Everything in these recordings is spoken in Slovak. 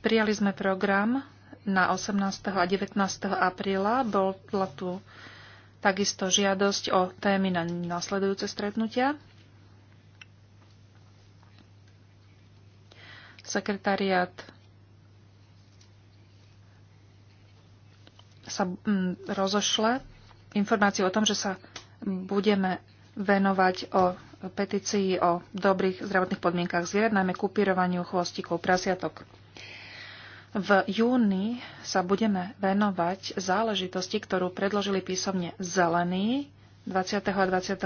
Prijali sme program na 18. a 19. apríla. Bola tu takisto žiadosť o témy na nasledujúce stretnutia. Sekretariat sa mm, rozošle informáciu o tom, že sa budeme venovať o petícii o dobrých zdravotných podmienkach zvierat, najmä kupírovaniu chvostíkov prasiatok. V júni sa budeme venovať záležitosti, ktorú predložili písomne zelení 20. a 21.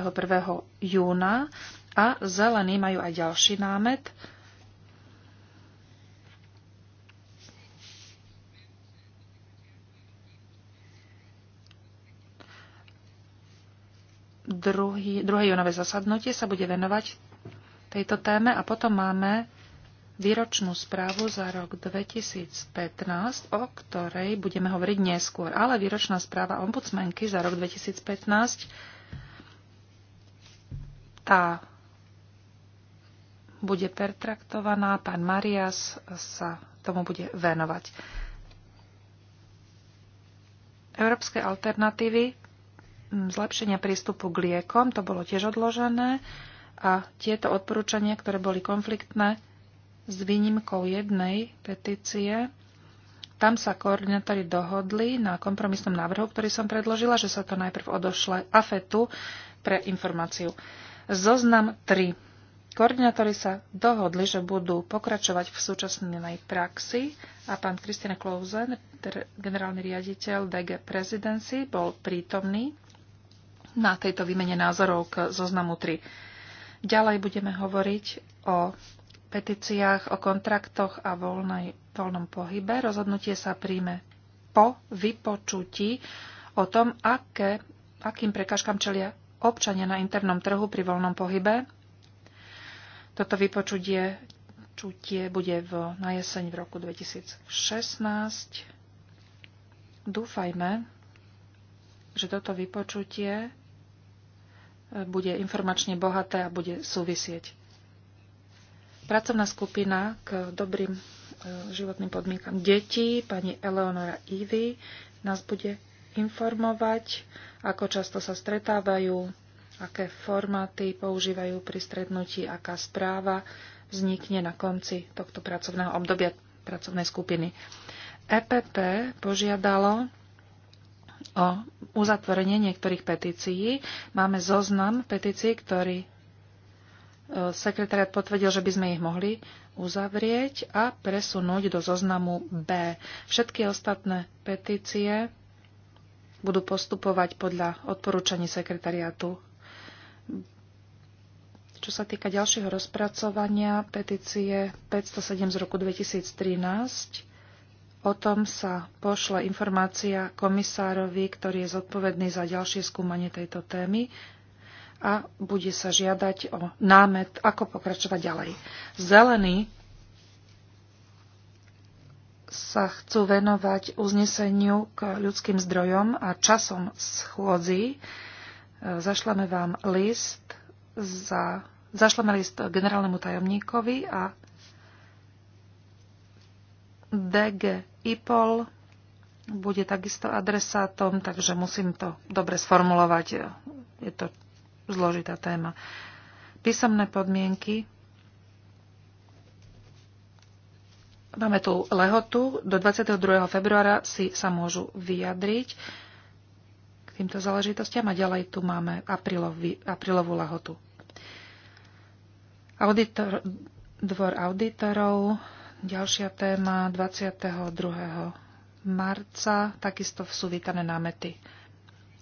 júna a zelení majú aj ďalší námet. Druhý, druhé júnové zasadnutie sa bude venovať tejto téme a potom máme výročnú správu za rok 2015, o ktorej budeme hovoriť neskôr. Ale výročná správa ombudsmenky za rok 2015 tá bude pertraktovaná, pán Marias sa tomu bude venovať. Európske alternatívy zlepšenia prístupu k liekom, to bolo tiež odložené a tieto odporúčania, ktoré boli konfliktné, s výnimkou jednej petície. Tam sa koordinátori dohodli na kompromisnom návrhu, ktorý som predložila, že sa to najprv odošle AFETu pre informáciu. Zoznam 3. Koordinátori sa dohodli, že budú pokračovať v súčasnej praxi a pán Kristina Klausen, generálny riaditeľ DG Presidency, bol prítomný na tejto výmene názorov k zoznamu 3. Ďalej budeme hovoriť o petíciách o kontraktoch a voľnej, voľnom pohybe. Rozhodnutie sa príjme po vypočutí o tom, aké, akým prekážkam čelia občania na internom trhu pri voľnom pohybe. Toto vypočutie čutie bude v, na jeseň v roku 2016. Dúfajme, že toto vypočutie e, bude informačne bohaté a bude súvisieť Pracovná skupina k dobrým e, životným podmienkam detí, pani Eleonora Ivy, nás bude informovať, ako často sa stretávajú, aké formáty používajú pri stretnutí, aká správa vznikne na konci tohto pracovného obdobia pracovnej skupiny. EPP požiadalo o uzatvorenie niektorých petícií. Máme zoznam petícií, ktorý E, sekretariat potvrdil, že by sme ich mohli uzavrieť a presunúť do zoznamu B. Všetky ostatné petície budú postupovať podľa odporúčaní sekretariátu. Čo sa týka ďalšieho rozpracovania petície 507 z roku 2013, o tom sa pošle informácia komisárovi, ktorý je zodpovedný za ďalšie skúmanie tejto témy a bude sa žiadať o námet, ako pokračovať ďalej. Zelení sa chcú venovať uzneseniu k ľudským zdrojom a časom schôdzi. E, zašleme vám list za, zašleme list generálnemu tajomníkovi a DG IPOL bude takisto adresátom, takže musím to dobre sformulovať. Je to zložitá téma. Písomné podmienky. Máme tu lehotu. Do 22. februára si sa môžu vyjadriť k týmto záležitostiam a ďalej tu máme aprílový, aprílovú lehotu. Auditor, dvor auditorov, ďalšia téma 22. marca, takisto sú vítané námety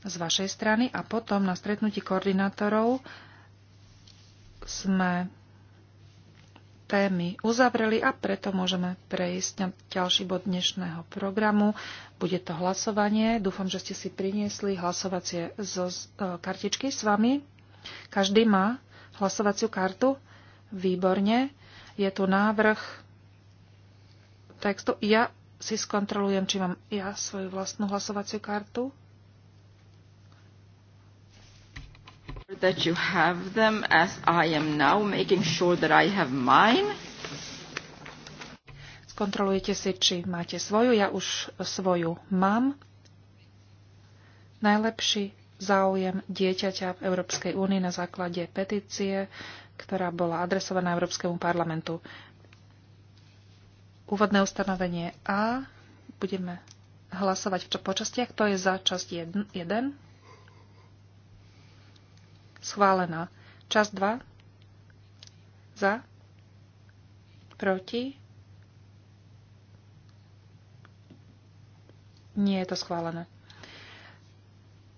z vašej strany a potom na stretnutí koordinátorov sme témy uzavreli a preto môžeme prejsť na ďalší bod dnešného programu. Bude to hlasovanie. Dúfam, že ste si priniesli hlasovacie zo e, kartičky s vami. Každý má hlasovaciu kartu. Výborne. Je tu návrh textu. Ja si skontrolujem, či mám ja svoju vlastnú hlasovaciu kartu. that you have them as I am now making sure that I have mine. Skontrolujete si, či máte svoju. Ja už svoju mám. Najlepší záujem dieťaťa v Európskej únii na základe petície, ktorá bola adresovaná Európskemu parlamentu. Úvodné ustanovenie A. Budeme hlasovať v počastiach. To je za časť 1. Schválená. Čas 2. Za. Proti. Nie je to schválené.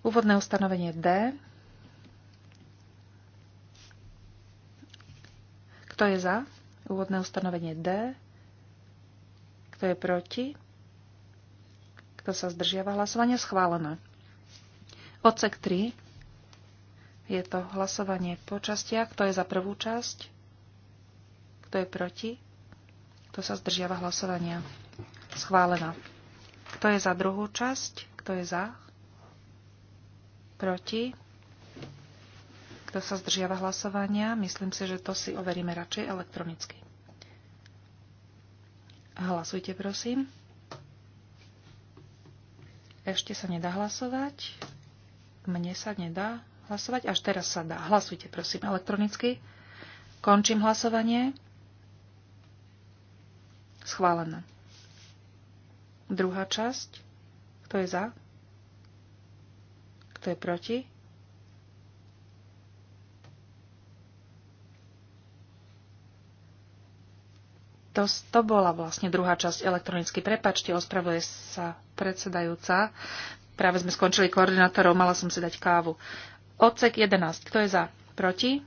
Úvodné ustanovenie D. Kto je za? Úvodné ustanovenie D. Kto je proti? Kto sa zdržiava hlasovania? Schválené. Odsek 3. Je to hlasovanie po častiach. Kto je za prvú časť? Kto je proti? Kto sa zdržiava hlasovania? Schválená. Kto je za druhú časť? Kto je za? Proti? Kto sa zdržiava hlasovania? Myslím si, že to si overíme radšej elektronicky. Hlasujte, prosím. Ešte sa nedá hlasovať. Mne sa nedá hlasovať? Až teraz sa dá. Hlasujte, prosím, elektronicky. Končím hlasovanie. Schválené. Druhá časť. Kto je za? Kto je proti? To, to bola vlastne druhá časť elektronicky. Prepačte, ospravuje sa predsedajúca. Práve sme skončili koordinátorov, mala som si dať kávu. Odsek 11. Kto je za? Proti?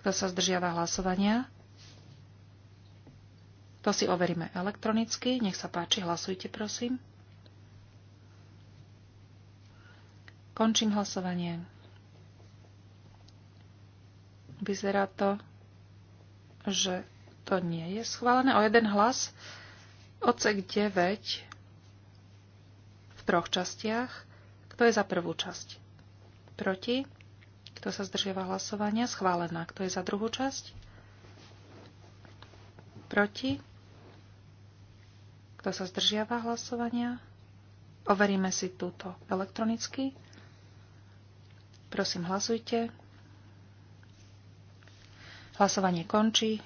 Kto sa zdržiava hlasovania? To si overíme elektronicky. Nech sa páči, hlasujte prosím. Končím hlasovanie. Vyzerá to, že to nie je schválené. O jeden hlas odsek 9 v troch častiach. Kto je za prvú časť? Proti? Kto sa zdržiava hlasovania? Schválená. Kto je za druhú časť? Proti? Kto sa zdržiava hlasovania? Overíme si túto elektronicky. Prosím, hlasujte. Hlasovanie končí.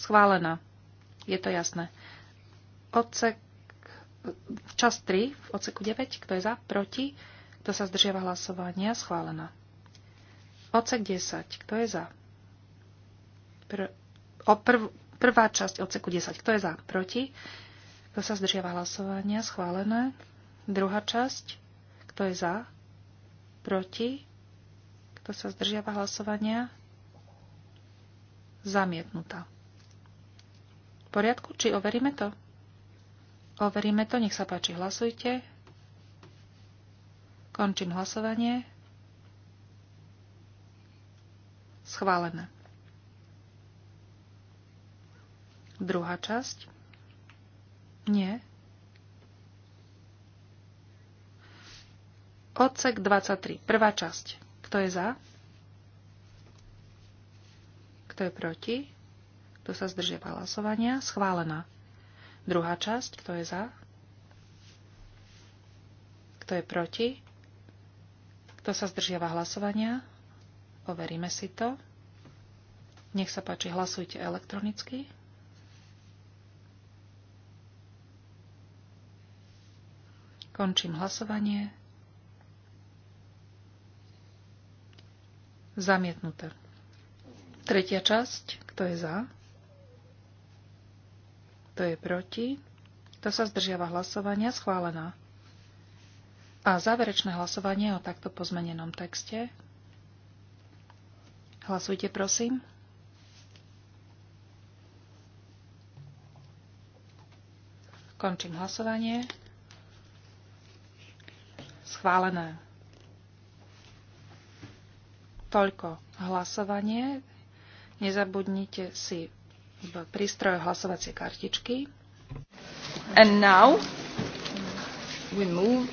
Schválená. Je to jasné. Odsek, čas 3 v odseku 9. Kto je za? Proti? Kto sa zdržiava hlasovania? Schválená. Odsek 10. Kto je za? Pr- o prv- prvá časť oceku 10. Kto je za? Proti? Kto sa zdržiava hlasovania? Schválené. Druhá časť. Kto je za? Proti? Kto sa zdržiava hlasovania? Zamietnutá. V poriadku? Či overíme to? Overíme to, nech sa páči, hlasujte. Končím hlasovanie. Schválené. Druhá časť. Nie. Odsek 23. Prvá časť. Kto je za? Kto je proti? Kto sa zdržiava hlasovania? Schválená. Druhá časť. Kto je za? Kto je proti? Kto sa zdržiava hlasovania? Overíme si to. Nech sa páči, hlasujte elektronicky. Končím hlasovanie. Zamietnuté. Tretia časť. Kto je za? Kto je proti? Kto sa zdržiava hlasovania? Schválená. A záverečné hlasovanie o takto pozmenenom texte. Hlasujte, prosím. Končím hlasovanie. Schválené. Toľko hlasovanie. Nezabudnite si v prístroje hlasovacie kartičky. And now we move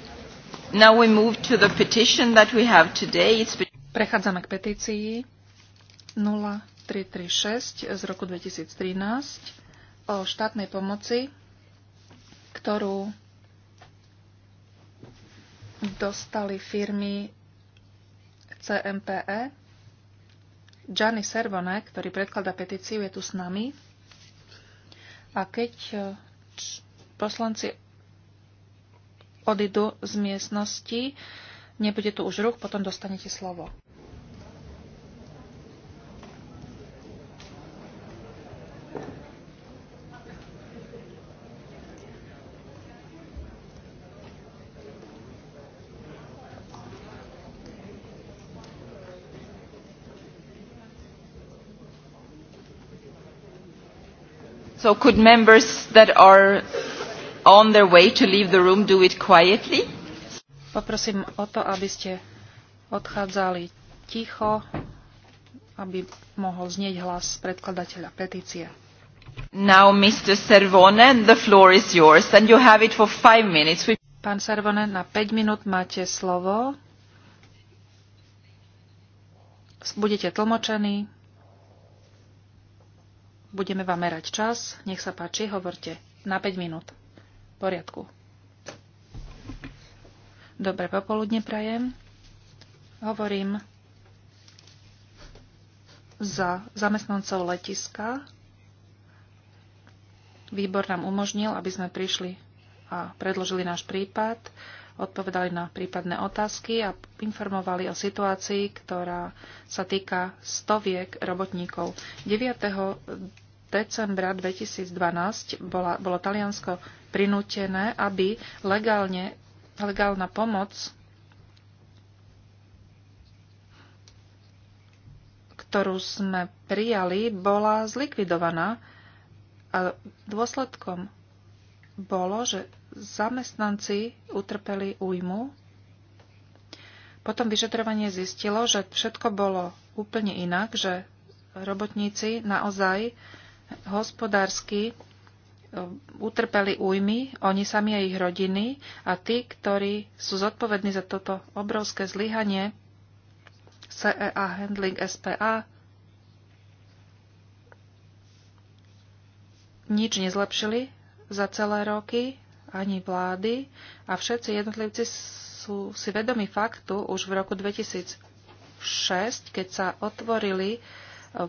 Now we move to the petition that we have today. It's... Prechádzame k petícii 0336 z roku 2013 o štátnej pomoci, ktorú dostali firmy CMPE. Gianni Servone, ktorý predkladá petíciu, je tu s nami. A keď eh, poslanci odídu z miestnosti. Nebude tu už ruch, potom dostanete slovo. So could members that are on their way to leave the room, do it quietly. Poprosím o to, aby ste odchádzali ticho, aby mohol znieť hlas predkladateľa petície. Now, Mr. Servonen, the floor is yours and you have it for five minutes. Pán Servonen, na 5 minút máte slovo. Budete tlmočení. Budeme vám merať čas. Nech sa páči, hovorte. Na 5 minút poriadku. Dobre popoludne prajem. Hovorím za zamestnancov letiska. Výbor nám umožnil, aby sme prišli a predložili náš prípad, odpovedali na prípadné otázky a informovali o situácii, ktorá sa týka stoviek robotníkov. 9 decembra 2012 bola, bolo Taliansko prinútené, aby legálne, legálna pomoc, ktorú sme prijali, bola zlikvidovaná. A dôsledkom bolo, že zamestnanci utrpeli újmu. Potom vyšetrovanie zistilo, že všetko bolo úplne inak, že robotníci naozaj uh, hospodársky e, utrpeli újmy, oni sami a ich rodiny a tí, ktorí sú zodpovední za toto obrovské zlyhanie CEA Handling SPA, nič nezlepšili za celé roky, ani vlády a všetci jednotlivci sú si vedomi faktu už v roku 2006, keď sa otvorili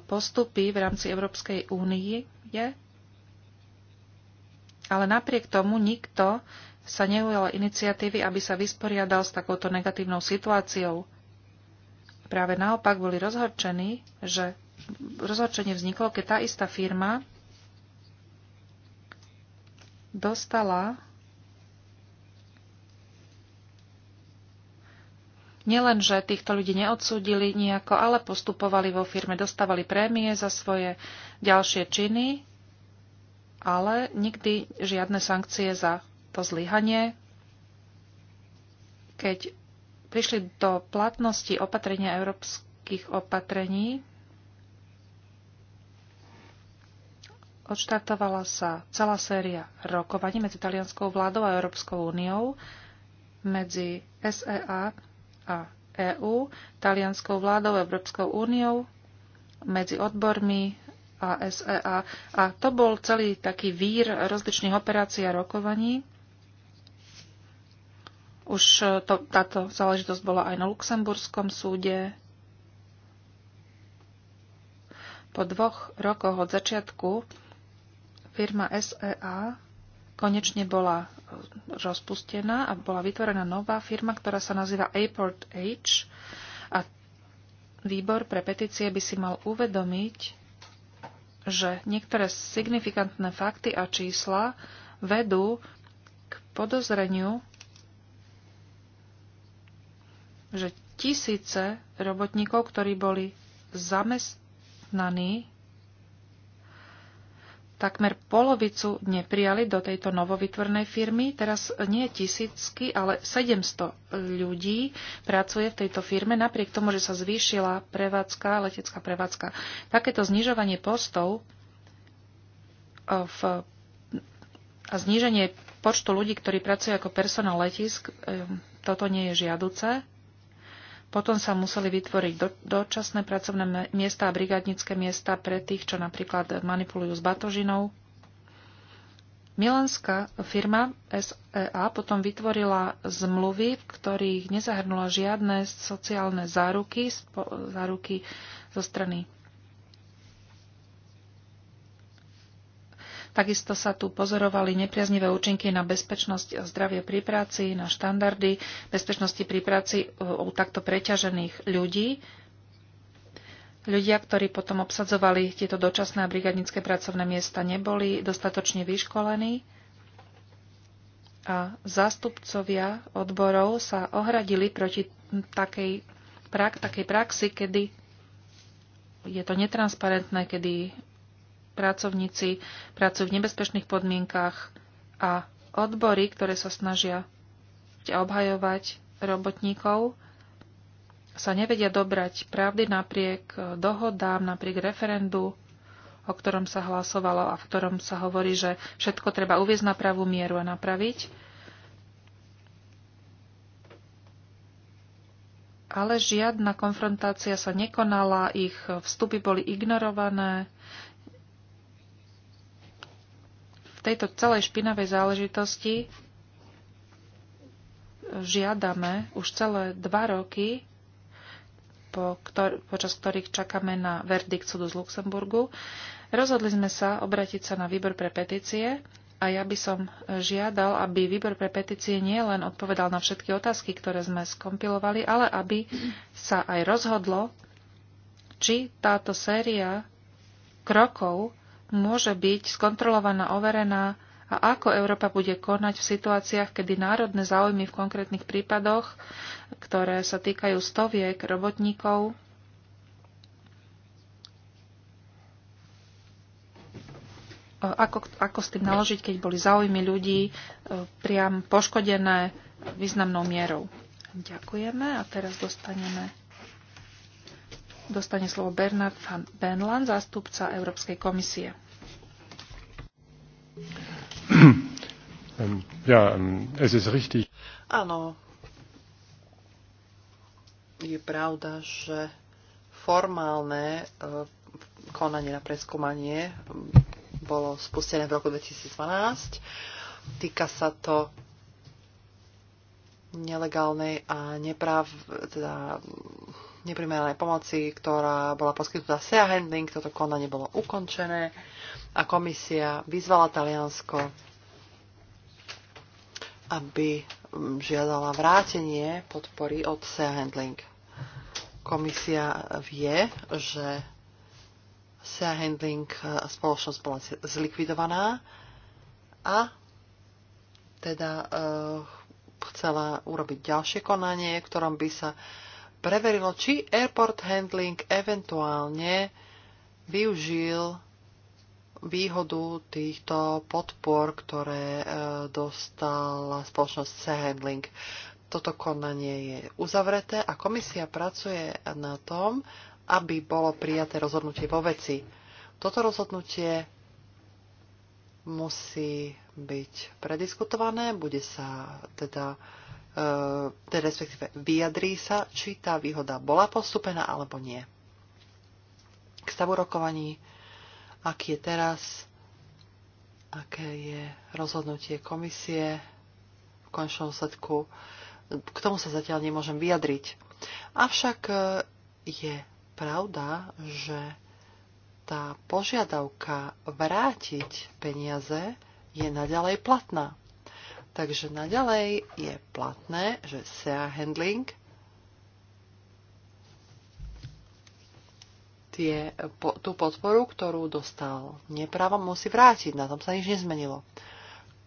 postupy v rámci Európskej únie, ale napriek tomu nikto sa neujal iniciatívy, aby sa vysporiadal s takouto negatívnou situáciou. Práve naopak boli rozhorčení, že rozhorčenie vzniklo, keď tá istá firma dostala nielenže týchto ľudí neodsúdili nejako, ale postupovali vo firme, dostávali prémie za svoje ďalšie činy, ale nikdy žiadne sankcie za to zlyhanie. Keď prišli do platnosti opatrenia európskych opatrení, odštartovala sa celá séria rokovaní medzi talianskou vládou a Európskou úniou, medzi SEA a EÚ, talianskou vládou, Európskou úniou, medzi odbormi a SEA. A to bol celý taký vír rozličných operácií a rokovaní. Už e, to, táto záležitosť bola aj na Luxemburskom súde. Po dvoch rokoch od začiatku firma SEA konečne bola E, rozpustená a bola vytvorená nová firma, ktorá sa nazýva Airport H a výbor pre petície by si mal uvedomiť, že niektoré signifikantné fakty a čísla vedú k podozreniu, že tisíce robotníkov, ktorí boli zamestnaní takmer polovicu neprijali do tejto novovytvornej firmy. Teraz nie tisícky, ale 700 ľudí pracuje v tejto firme, napriek tomu, že sa zvýšila prevádzka, letecká prevádzka. Takéto znižovanie postov e, v, a zníženie počtu ľudí, ktorí pracujú ako personál letisk, e, toto nie je žiaduce. Potom sa museli vytvoriť do, dočasné pracovné miesta a brigádnické miesta pre tých, čo napríklad manipulujú s batožinou. Milanská firma SEA potom vytvorila zmluvy, v ktorých nezahrnula žiadne sociálne záruky, záruky zo strany Takisto sa tu pozorovali nepriaznivé účinky na bezpečnosť a zdravie pri práci, na štandardy bezpečnosti pri práci e, u takto preťažených ľudí. Ľudia, ktorí potom obsadzovali tieto dočasné a brigadnické pracovné miesta, neboli dostatočne vyškolení a zástupcovia odborov sa ohradili proti takej, prak, takej praxi, kedy je to netransparentné, kedy pracovníci pracujú v nebezpečných podmienkách a odbory, ktoré sa snažia obhajovať robotníkov, sa nevedia dobrať pravdy napriek dohodám, napriek referendu, o ktorom sa hlasovalo a v ktorom sa hovorí, že všetko treba uviezť na pravú mieru a napraviť. Ale žiadna konfrontácia sa nekonala, ich vstupy boli ignorované, tejto celej špinavej záležitosti žiadame už celé dva roky, po ktor- počas ktorých čakáme na verdikt súdu z Luxemburgu. Rozhodli sme sa obratiť sa na výbor pre petície a ja by som žiadal, aby výbor pre petície nielen odpovedal na všetky otázky, ktoré sme skompilovali, ale aby sa aj rozhodlo, či táto séria krokov môže byť skontrolovaná, overená a ako Európa bude konať v situáciách, kedy národné záujmy v konkrétnych prípadoch, ktoré sa týkajú stoviek robotníkov, ako, ako s tým naložiť, keď boli záujmy ľudí e, priam poškodené významnou mierou. Ďakujeme a teraz dostaneme dostane slovo Bernard van Benland, zástupca Európskej komisie. Ja, es ist richtig. Áno. Je pravda, že formálne e, konanie na preskúmanie e, bolo spustené v roku 2012. Týka sa to nelegálnej a nepráv, teda neprimeranej pomoci, ktorá bola poskytnutá Sea Handling. Toto konanie bolo ukončené a komisia vyzvala Taliansko, aby mm, žiadala vrátenie podpory od Sea Handling. Komisia vie, že Sea Handling e, spoločnosť bola zlikvidovaná a teda e, chcela urobiť ďalšie konanie, ktorom by sa preverilo, či airport handling eventuálne využil výhodu týchto podpor, ktoré e, dostala spoločnosť C-handling. Toto konanie je uzavreté a komisia pracuje na tom, aby bolo prijaté rozhodnutie vo veci. Toto rozhodnutie musí byť prediskutované, bude sa teda e, teda respektíve vyjadrí sa, či tá výhoda bola postupená alebo nie. K stavu rokovaní aký je teraz, aké je rozhodnutie komisie v končnom sledku. K tomu sa zatiaľ nemôžem vyjadriť. Avšak e, je pravda, že tá požiadavka vrátiť peniaze je naďalej platná. Takže naďalej je platné, že SEA Handling – tie, po, tú podporu, ktorú dostal neprávom, musí vrátiť. Na tom sa nič nezmenilo.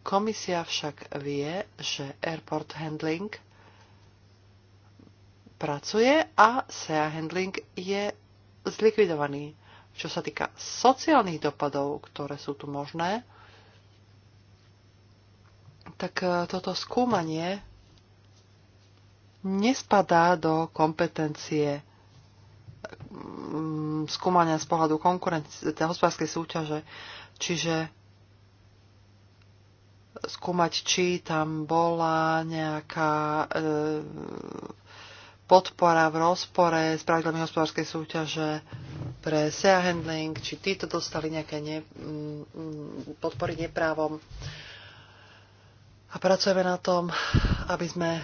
Komisia však vie, že airport handling pracuje a SEA handling je zlikvidovaný. Čo sa týka sociálnych dopadov, ktoré sú tu možné, tak e, toto skúmanie nespadá do kompetencie skúmania z pohľadu konkurencie, hospodárskej súťaže. Čiže skúmať, či tam bola nejaká e, podpora v rozpore s pravidlami hospodárskej súťaže pre SEA handling, či títo dostali nejaké ne, m, mm, podpory neprávom. A pracujeme na tom, aby sme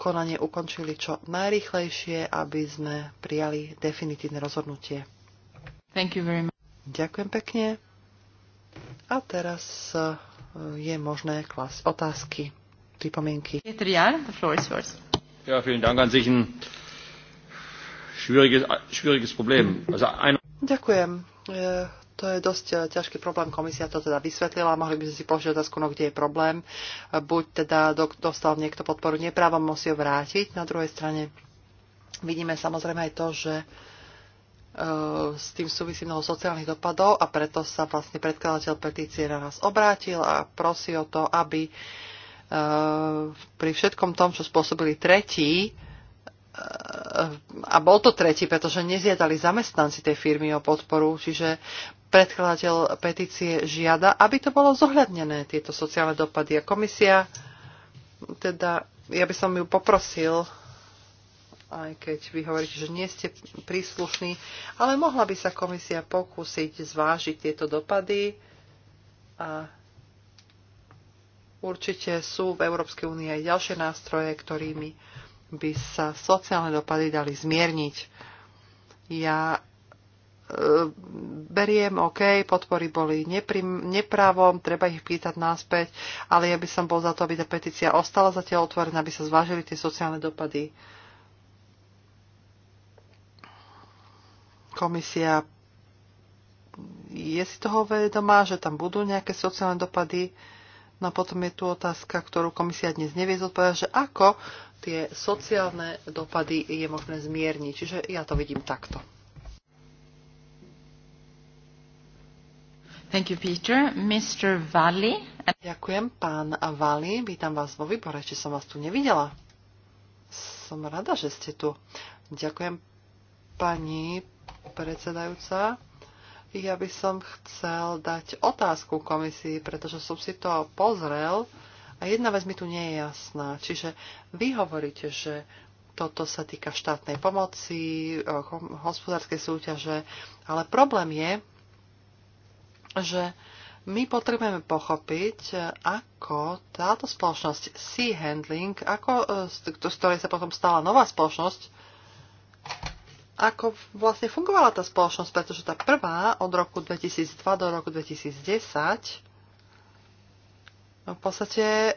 konanie ukončili čo najrychlejšie, aby sme prijali definitívne rozhodnutie. Thank you very much. Ďakujem pekne. A teraz eh, je možné klasť otázky, pripomienky. the floor is yours. Ja, vielen Dank an sich ein schwieriges, schwieriges Problem. Also ein... Ďakujem. Eh, to je dosť e, ťažký problém, komisia to teda vysvetlila, mohli by sme si položiť otázku, no kde je problém. E, buď teda dostal niekto podporu neprávom, musí ho vrátiť. Na druhej strane vidíme samozrejme aj to, že e, s tým súvisí mnoho sociálnych dopadov a preto sa vlastne predkladateľ petície na nás obrátil a prosí o to, aby pri všetkom tom, čo spôsobili tretí, a bol to tretí, pretože nezjedali zamestnanci tej firmy o podporu, čiže predkladateľ petície žiada, aby to bolo zohľadnené, tieto sociálne dopady. A komisia, teda ja by som ju poprosil, aj keď vy hovoríte, že nie ste príslušní, ale mohla by sa komisia pokúsiť zvážiť tieto dopady a určite sú v Európskej únii aj ďalšie nástroje, ktorými by sa sociálne dopady dali zmierniť. Ja E, beriem, OK, podpory boli neprim, nepravom, treba ich pýtať náspäť, ale ja by som bol za to, aby tá petícia ostala zatiaľ otvorená, aby sa zvážili tie sociálne dopady. Komisia je si toho vedomá, že tam budú nejaké sociálne dopady. No a potom je tu otázka, ktorú komisia dnes nevie zodpovedať, že ako tie sociálne dopady je možné zmierniť. Čiže ja to vidím takto. Thank you, Peter. Mr. Valli. Ďakujem, pán Vali. Vítam vás vo výbore, či som vás tu nevidela. Som rada, že ste tu. Ďakujem, pani predsedajúca. Ja by som chcel dať otázku komisii, pretože som si to pozrel a jedna vec mi tu nie je jasná. Čiže vy hovoríte, že toto sa týka štátnej pomoci, eh, hospodárskej súťaže, ale problém je, že my potrebujeme pochopiť, e, ako táto spoločnosť Sea Handling, ako, e, z ktorej sa potom stala nová spoločnosť, ako vlastne fungovala tá spoločnosť, pretože tá prvá od roku 2002 do roku 2010 v podstate e,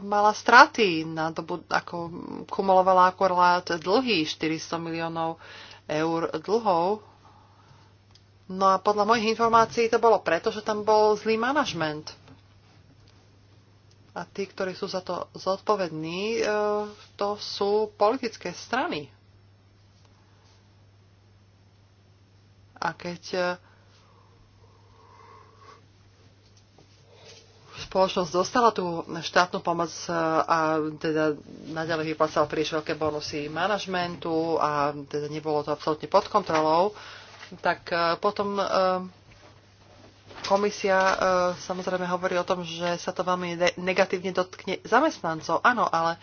mala straty, na dobu, ako kumulovala akorát dlhy 400 miliónov eur dlhov No a podľa mojich informácií to bolo preto, že tam bol zlý manažment. A tí, ktorí sú za to zodpovední, e, to sú politické strany. A keď e, spoločnosť dostala tú štátnu pomoc e, a teda naďalej vyplácala príliš veľké bonusy manažmentu a teda nebolo to absolútne pod kontrolou, tak e, potom e, komisia e, samozrejme hovorí o tom, že sa to veľmi negatívne dotkne zamestnancov. Áno, ale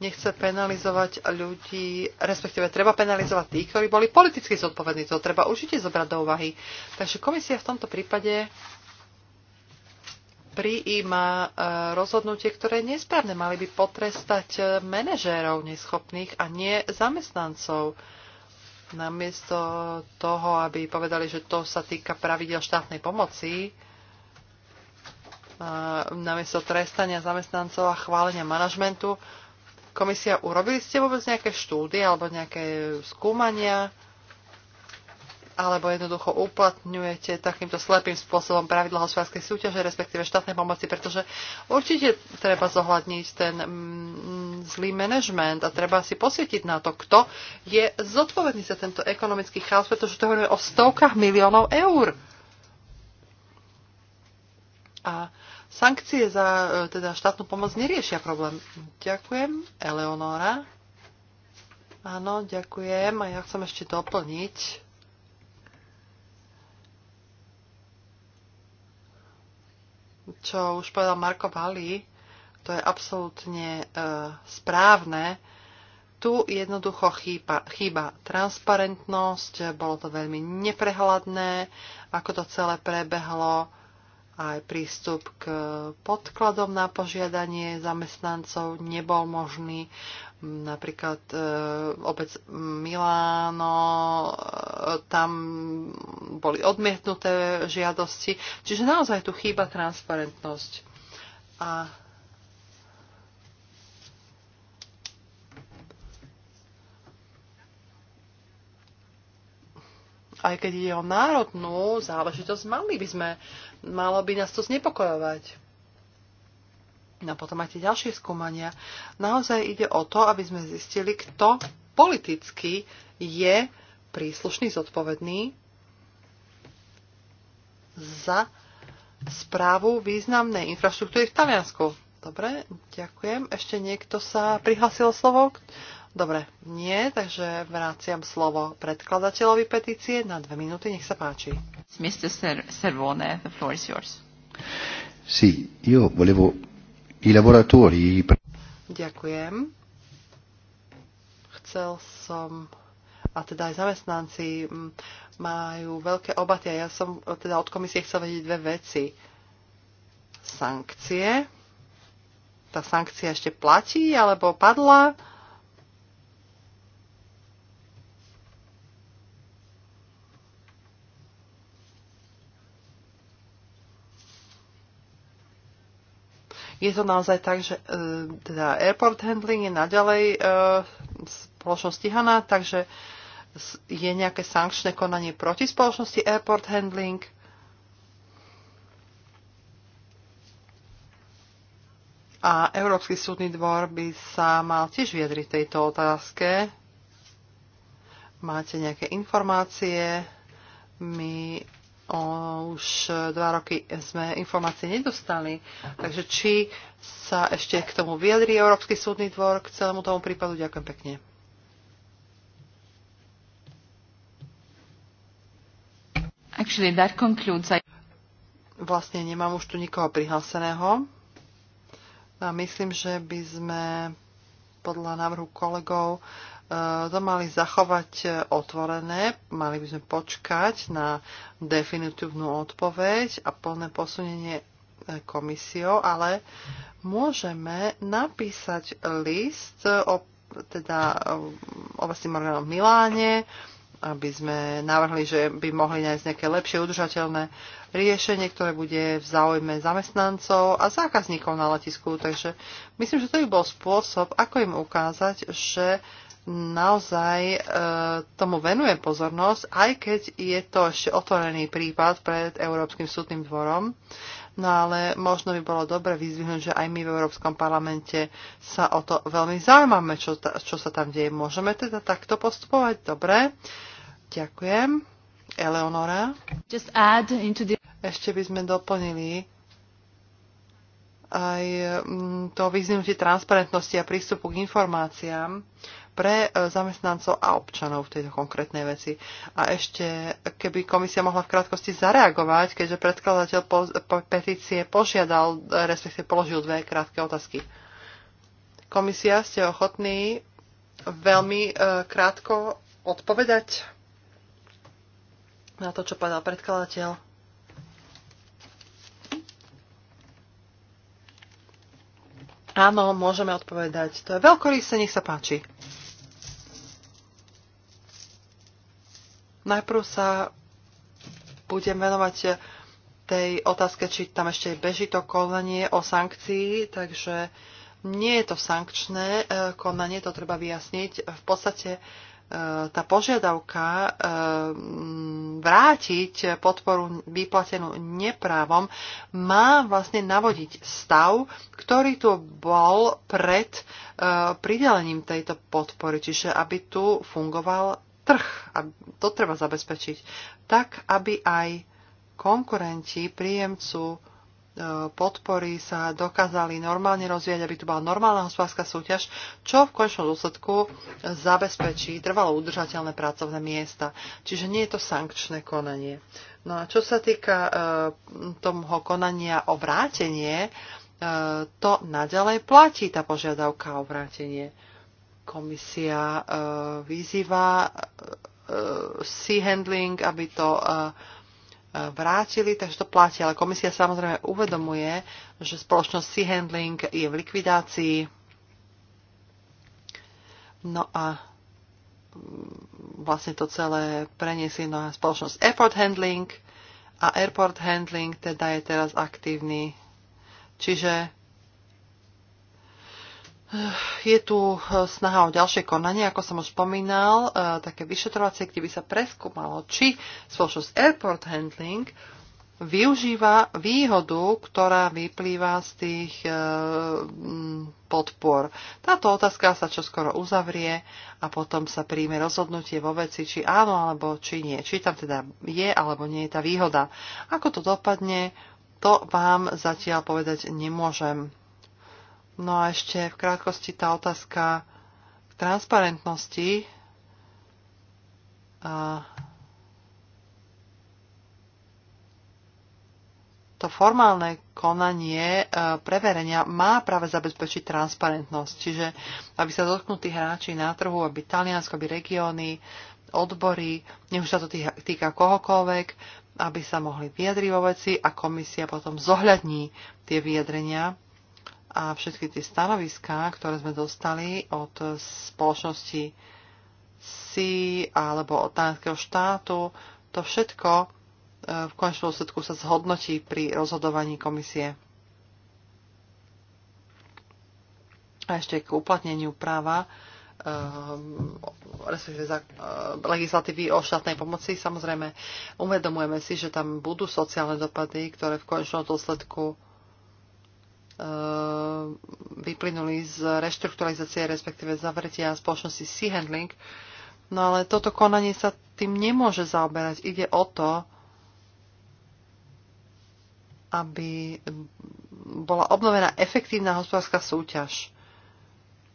nechce penalizovať ľudí, respektíve treba penalizovať tých, ktorí boli politicky zodpovední. To treba určite zobrať do úvahy. Takže komisia v tomto prípade prijíma rozhodnutie, ktoré je nesprávne. Mali by potrestať manažérov neschopných a nie zamestnancov. Namiesto toho, aby povedali, že to sa týka pravidel štátnej pomoci, namiesto trestania zamestnancov a chválenia manažmentu, komisia, urobili ste vôbec nejaké štúdie alebo nejaké skúmania? alebo jednoducho uplatňujete takýmto slepým spôsobom pravidla hospodárskej súťaže, respektíve štátnej pomoci, pretože určite treba zohľadniť ten mm, zlý manažment a treba si posvietiť na to, kto je zodpovedný za tento ekonomický chaos, pretože to hovoríme o stovkách miliónov eur. A sankcie za e, teda štátnu pomoc neriešia problém. Ďakujem, Eleonora. Áno, ďakujem. A ja chcem ešte doplniť čo už povedal Marko Valli, to je absolútne e, správne. Tu jednoducho chýba, chýba transparentnosť, bolo to veľmi neprehľadné, ako to celé prebehlo aj prístup k podkladom na požiadanie zamestnancov nebol možný. Napríklad e, obec Miláno, e, tam boli odmietnuté žiadosti. Čiže naozaj tu chýba transparentnosť. A aj keď ide o národnú záležitosť, mali by sme malo by nás to znepokojovať. No potom máte ďalšie skúmania. Naozaj ide o to, aby sme zistili, kto politicky je príslušný zodpovedný za správu významnej infraštruktúry v Taliansku. Dobre, ďakujem. Ešte niekto sa prihlasil slovo? Dobre, nie, takže vraciam slovo predkladateľovi petície na dve minúty, nech sa páči. Mr. Servone, the floor is yours. Sì, io volevo i lavoratori... Ďakujem. Chcel som a teda aj zamestnanci majú veľké obaty a ja som teda od komisie chcel vedieť dve veci. Sankcie. Tá sankcia ešte platí alebo padla? Je to naozaj tak, že e, teda airport handling je naďalej e, spoločnosť stíhaná, takže je nejaké sankčné konanie proti spoločnosti airport handling. A Európsky súdny dvor by sa mal tiež viedriť tejto otázke. Máte nejaké informácie? My o, už dva roky sme informácie nedostali. Takže či sa ešte k tomu vyjadrí Európsky súdny dvor k celému tomu prípadu? Ďakujem pekne. Actually, that concludes. Vlastne nemám už tu nikoho prihláseného. A myslím, že by sme podľa návrhu kolegov to mali zachovať otvorené, mali by sme počkať na definitívnu odpoveď a plné posunenie e, komisiou, ale môžeme napísať list o teda e, obecným orgánom v Miláne, aby sme navrhli, že by mohli nájsť nejaké lepšie udržateľné riešenie, ktoré bude v záujme zamestnancov a zákazníkov na letisku. Takže myslím, že to by bol spôsob, ako im ukázať, že naozaj e, tomu venujem pozornosť, aj keď je to ešte otvorený prípad pred Európskym súdnym dvorom. No ale možno by bolo dobre vyzvihnúť, že aj my v Európskom parlamente sa o to veľmi zaujímame, čo, ta, čo sa tam deje. Môžeme teda takto postupovať? Dobre. Ďakujem. Eleonora? Just add into the... Ešte by sme doplnili aj mm, to vyzvihnutie transparentnosti a prístupu k informáciám pre e, zamestnancov a občanov v tejto konkrétnej veci. A ešte, keby komisia mohla v krátkosti zareagovať, keďže predkladateľ po, po, petície požiadal, respektíve položil dve krátke otázky. Komisia, ste ochotní veľmi e, krátko odpovedať na to, čo povedal predkladateľ? Áno, môžeme odpovedať. To je veľkorysé, nech sa páči. Najprv sa budem venovať tej otázke, či tam ešte beží to konanie o sankcii, takže nie je to sankčné e, konanie, to treba vyjasniť. V podstate e, tá požiadavka e, vrátiť podporu vyplatenú neprávom má vlastne navodiť stav, ktorý tu bol pred pridelením tejto podpory, čiže aby tu fungoval trh a to treba zabezpečiť, tak aby aj konkurenti príjemcu e, podpory sa dokázali normálne rozvíjať, aby tu bola normálna hospodárska súťaž, čo v končnom dôsledku zabezpečí trvalo udržateľné pracovné miesta. Čiže nie je to sankčné konanie. No a čo sa týka e, tomho konania o vrátenie, e, to naďalej platí tá požiadavka o vrátenie. Komisia e, vyzýva e, e, sea handling, aby to vrátili, takže to platí. Ale komisia samozrejme uvedomuje, že spoločnosť Sea Handling je v likvidácii. No a mm, vlastne to celé preniesli na spoločnosť Airport Handling a Airport Handling teda je teraz aktívny. Čiže je tu eh, snaha o ďalšie konanie, ako som už spomínal, eh, také vyšetrovacie, kde by sa preskúmalo, či spoločnosť Airport Handling využíva výhodu, ktorá vyplýva z tých eh, mm, podpor. Táto otázka sa čoskoro uzavrie a potom sa príjme rozhodnutie vo veci, či áno alebo či nie. Či tam teda je alebo nie je tá výhoda. Ako to dopadne, to vám zatiaľ povedať nemôžem. No a ešte v krátkosti tá otázka k transparentnosti. A to formálne konanie e, preverenia má práve zabezpečiť transparentnosť. Čiže aby sa dotknutí hráči na trhu, aby Taliansko, aby regióny, odbory, nech už sa to týka kohokoľvek, aby sa mohli vyjadriť vo veci a komisia potom zohľadní tie vyjadrenia a všetky tie stanoviská, ktoré sme dostali od spoločnosti SI alebo od Tánskeho štátu, to všetko e, v konečnom dôsledku sa zhodnotí pri rozhodovaní komisie. A ešte k uplatneniu práva, e, respektíve za, e, legislatívy o štátnej pomoci. Samozrejme, uvedomujeme si, že tam budú sociálne dopady, ktoré v konečnom dôsledku Eh, vyplynuli z reštrukturalizácie, respektíve zavretia spoločnosti C-Handling. No ale toto konanie sa tým nemôže zaoberať. Ide o to, aby bola obnovená efektívna hospodárska súťaž.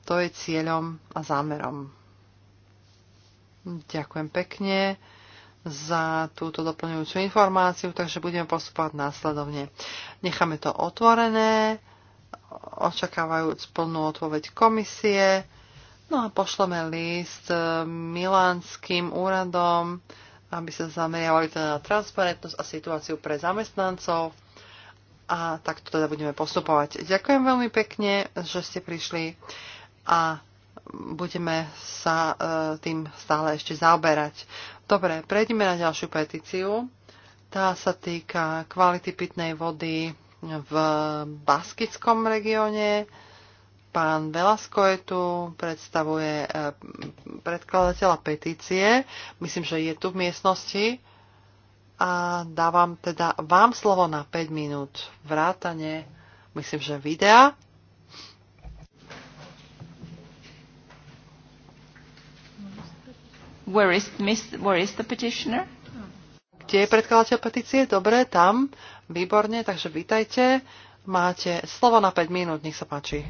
To je cieľom a zámerom. Ďakujem pekne za túto doplňujúcu informáciu, takže budeme postupovať následovne. Necháme to otvorené očakávajúc plnú odpoveď komisie. No a pošleme list eh, milánským úradom, aby sa zameriavali teda na transparentnosť a situáciu pre zamestnancov. A takto teda budeme postupovať. Ďakujem veľmi pekne, že ste prišli a budeme sa e, tým stále ešte zaoberať. Dobre, prejdeme na ďalšiu petíciu. Tá sa týka kvality pitnej vody v Baskickom regióne. Pán Velasko je tu, predstavuje eh, predkladateľa petície. Myslím, že je tu v miestnosti. A dávam teda vám slovo na 5 minút vrátane, myslím, že videa. Where is, miss, where is the petitioner? Kde je predkladateľ petície? Dobre, tam. Výborne, takže vítajte. Máte slovo na 5 minút, nech sa páči.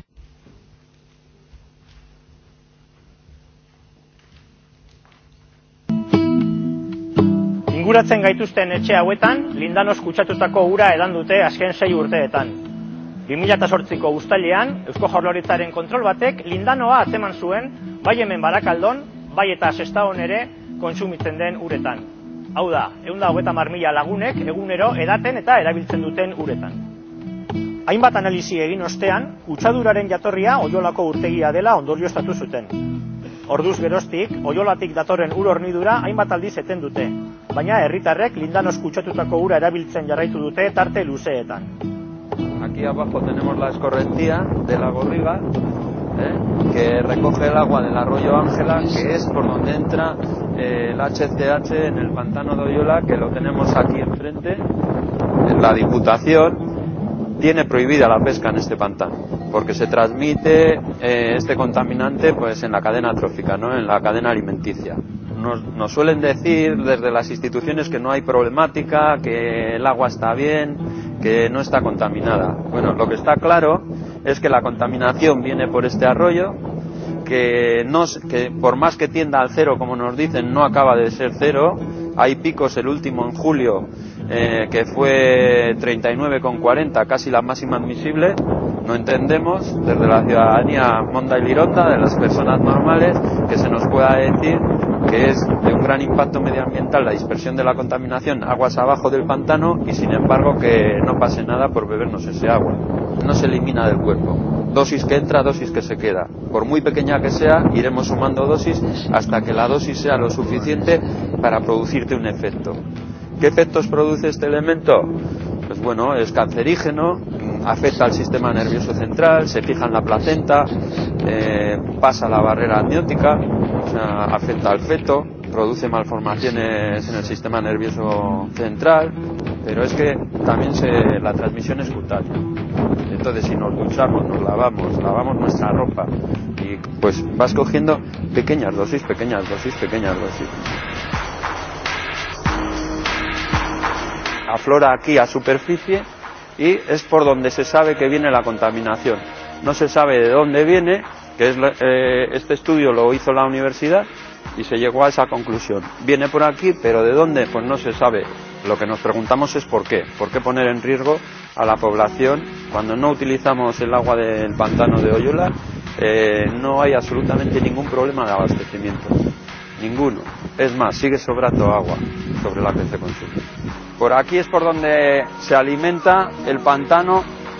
Inguratzen gaituzten etxe hauetan, lindanos kutsatutako ura edan dute azken sei urteetan. 2008ko ustalean, Eusko Jorloritzaren kontrol batek lindanoa atzeman zuen, bai hemen barakaldon, bai eta sestaon ere kontsumitzen den uretan hau da, egun da hogeta marmila lagunek egunero edaten eta erabiltzen duten uretan. Hainbat analizi egin ostean, utxaduraren jatorria oiolako urtegia dela ondorio estatu zuten. Orduz geroztik, oiolatik datorren ur hornidura hainbat aldiz eten dute, baina herritarrek lindanos kutsatutako ura erabiltzen jarraitu dute tarte luzeetan. Aquí abajo tenemos la escorrentía de la Gorriga, ¿eh? que recoge el agua del arroyo Ángela, que es por donde entra eh, el HCH en el pantano de Oyola, que lo tenemos aquí enfrente. En la Diputación tiene prohibida la pesca en este pantano, porque se transmite eh, este contaminante pues en la cadena trófica, ¿no? en la cadena alimenticia. Nos, nos suelen decir desde las instituciones que no hay problemática, que el agua está bien, que no está contaminada. Bueno, lo que está claro es que la contaminación viene por este arroyo, que, no, que por más que tienda al cero, como nos dicen, no acaba de ser cero. Hay picos, el último en julio, eh, que fue 39,40, casi la máxima admisible. No entendemos, desde la ciudadanía monda y lironda, de las personas normales, que se nos pueda decir que es de un gran impacto medioambiental la dispersión de la contaminación aguas abajo del pantano y sin embargo que no pase nada por bebernos ese agua. No se elimina del cuerpo. Dosis que entra, dosis que se queda. Por muy pequeña que sea, iremos sumando dosis hasta que la dosis sea lo suficiente para producirte un efecto. ¿Qué efectos produce este elemento? Pues bueno, es cancerígeno, afecta al sistema nervioso central, se fija en la placenta, eh, pasa la barrera amniótica, o sea, afecta al feto, produce malformaciones en el sistema nervioso central, pero es que también se, la transmisión es cutánea. Entonces, si nos duchamos, nos lavamos, lavamos nuestra ropa, y pues vas cogiendo pequeñas dosis, pequeñas dosis, pequeñas dosis. Aflora aquí a superficie y es por donde se sabe que viene la contaminación no se sabe de dónde viene, que es, eh, este estudio lo hizo la universidad y se llegó a esa conclusión. Viene por aquí, pero de dónde, pues no se sabe. Lo que nos preguntamos es por qué. ¿Por qué poner en riesgo a la población cuando no utilizamos el agua del pantano de Oyola? Eh, no hay absolutamente ningún problema de abastecimiento. Ninguno. Es más, sigue sobrando agua sobre la que se consume. Por aquí es por donde se alimenta el pantano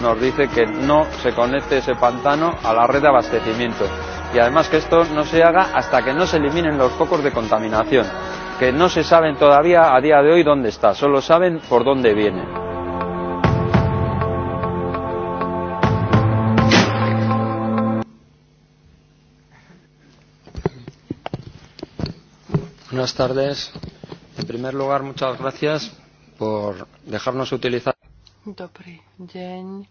nos dice que no se conecte ese pantano a la red de abastecimiento y además que esto no se haga hasta que no se eliminen los focos de contaminación, que no se saben todavía a día de hoy dónde está, solo saben por dónde viene. Buenas tardes. En primer lugar, muchas gracias por dejarnos utilizar. Dobrý deň.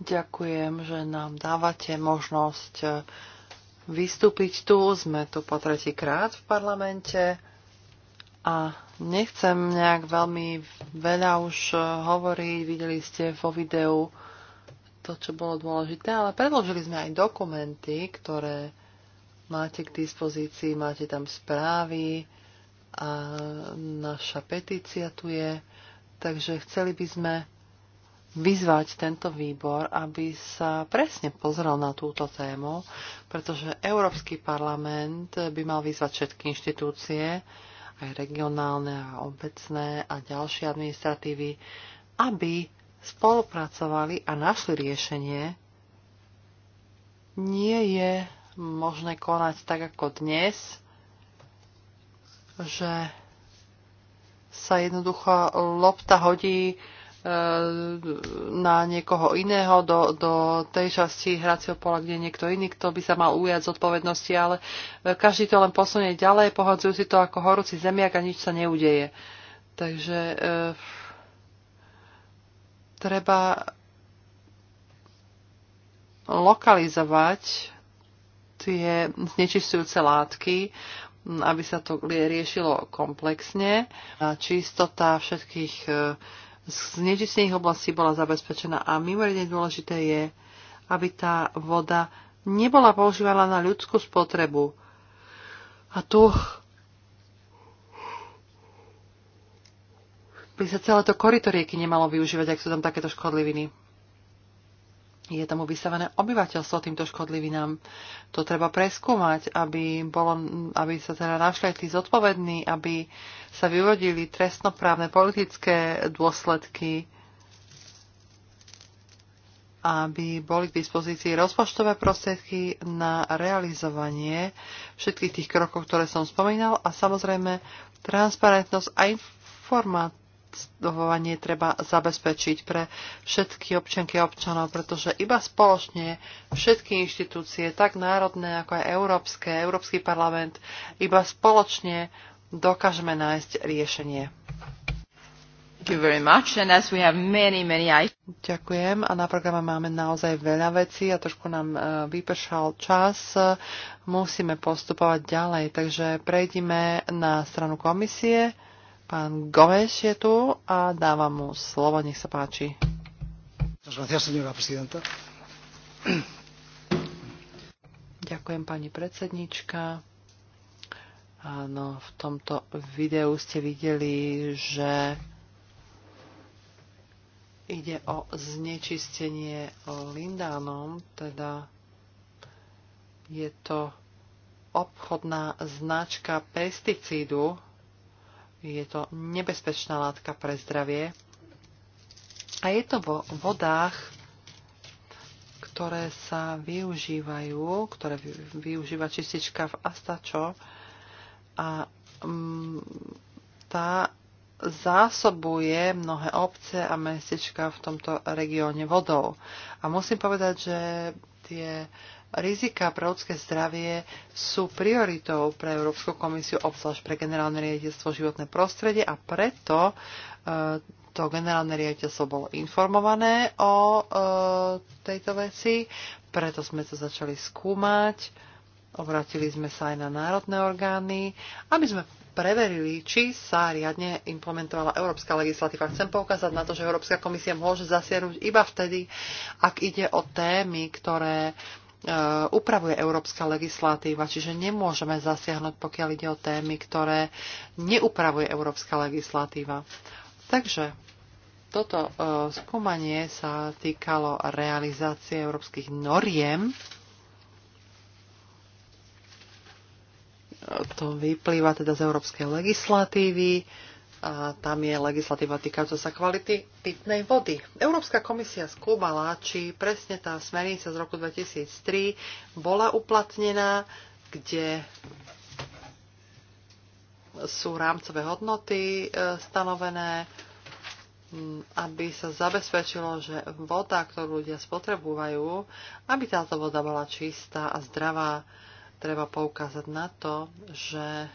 Ďakujem, že nám dávate možnosť eh, vystúpiť tu. Sme tu po tretíkrát v parlamente a nechcem nejak veľmi veľa už eh, hovoriť. Videli ste vo videu to, čo bolo dôležité, ale predložili sme aj dokumenty, ktoré máte k dispozícii, máte tam správy a naša petícia tu je. Takže chceli by sme vyzvať tento výbor, aby sa presne pozrel na túto tému, pretože Európsky parlament by mal vyzvať všetky inštitúcie, aj regionálne a obecné a ďalšie administratívy, aby spolupracovali a našli riešenie. Nie je možné konať tak ako dnes, že sa jednoducho lopta hodí na niekoho iného, do, do tej časti hracieho pola, kde je niekto iný, kto by sa mal ujať z odpovednosti, ale e, každý to len posunie ďalej, pohádzajú si to ako horúci zemiak a nič sa neudeje. Takže e, treba lokalizovať tie znečistujúce látky, aby sa to riešilo komplexne. A čistota všetkých e, z nečistených oblastí bola zabezpečená a mimoriadne dôležité je, aby tá voda nebola používaná na ľudskú spotrebu. A tu by sa celé to koritorieky nemalo využívať, ak sú tam takéto škodliviny je tomu vystavené obyvateľstvo týmto škodlivinám. To treba preskúmať, aby, bolo, aby sa teda našli aj tí zodpovední, aby sa vyvodili trestnoprávne politické dôsledky, aby boli k dispozícii rozpočtové prostriedky na realizovanie všetkých tých krokov, ktoré som spomínal a samozrejme transparentnosť a informácia obsluhovanie treba zabezpečiť pre všetky občianky a občanov, pretože iba spoločne všetky inštitúcie, tak národné ako aj európske, Európsky parlament, iba spoločne dokážeme nájsť riešenie. Ďakujem a na programe máme naozaj veľa vecí a trošku nám e, vypršal čas. Musíme postupovať ďalej, takže prejdime na stranu komisie. Pán Gomes je tu a dávam mu slovo, nech sa páči. Ďakujem, pani predsednička. Áno, v tomto videu ste videli, že ide o znečistenie lindánom, teda je to obchodná značka pesticídu, je to nebezpečná látka pre zdravie. A je to vo vodách, ktoré sa využívajú, ktoré využíva čistička v Astačo a mm, tá zásobuje mnohé obce a mestečka v tomto regióne vodou. A musím povedať, že tie Rizika pre ľudské zdravie sú prioritou pre Európsku komisiu, obzvlášť pre generálne riaditeľstvo životné prostredie a preto e, to generálne riaditeľstvo bolo informované o e, tejto veci, preto sme to začali skúmať. Obratili sme sa aj na národné orgány, aby sme preverili, či sa riadne implementovala európska legislatíva. Chcem poukázať na to, že Európska komisia môže zasiahnuť iba vtedy, ak ide o témy, ktoré E, upravuje európska legislatíva, čiže nemôžeme zasiahnuť, pokiaľ ide o témy, ktoré neupravuje európska legislatíva. Takže toto e, skúmanie sa týkalo realizácie európskych noriem. E, to vyplýva teda z európskej legislatívy a tam je legislatíva týkajúca sa kvality pitnej vody. Európska komisia skúmala, či presne tá smernica z roku 2003 bola uplatnená, kde sú rámcové hodnoty e, stanovené, aby sa zabezpečilo, že voda, ktorú ľudia spotrebujú, aby táto voda bola čistá a zdravá. Treba poukázať na to, že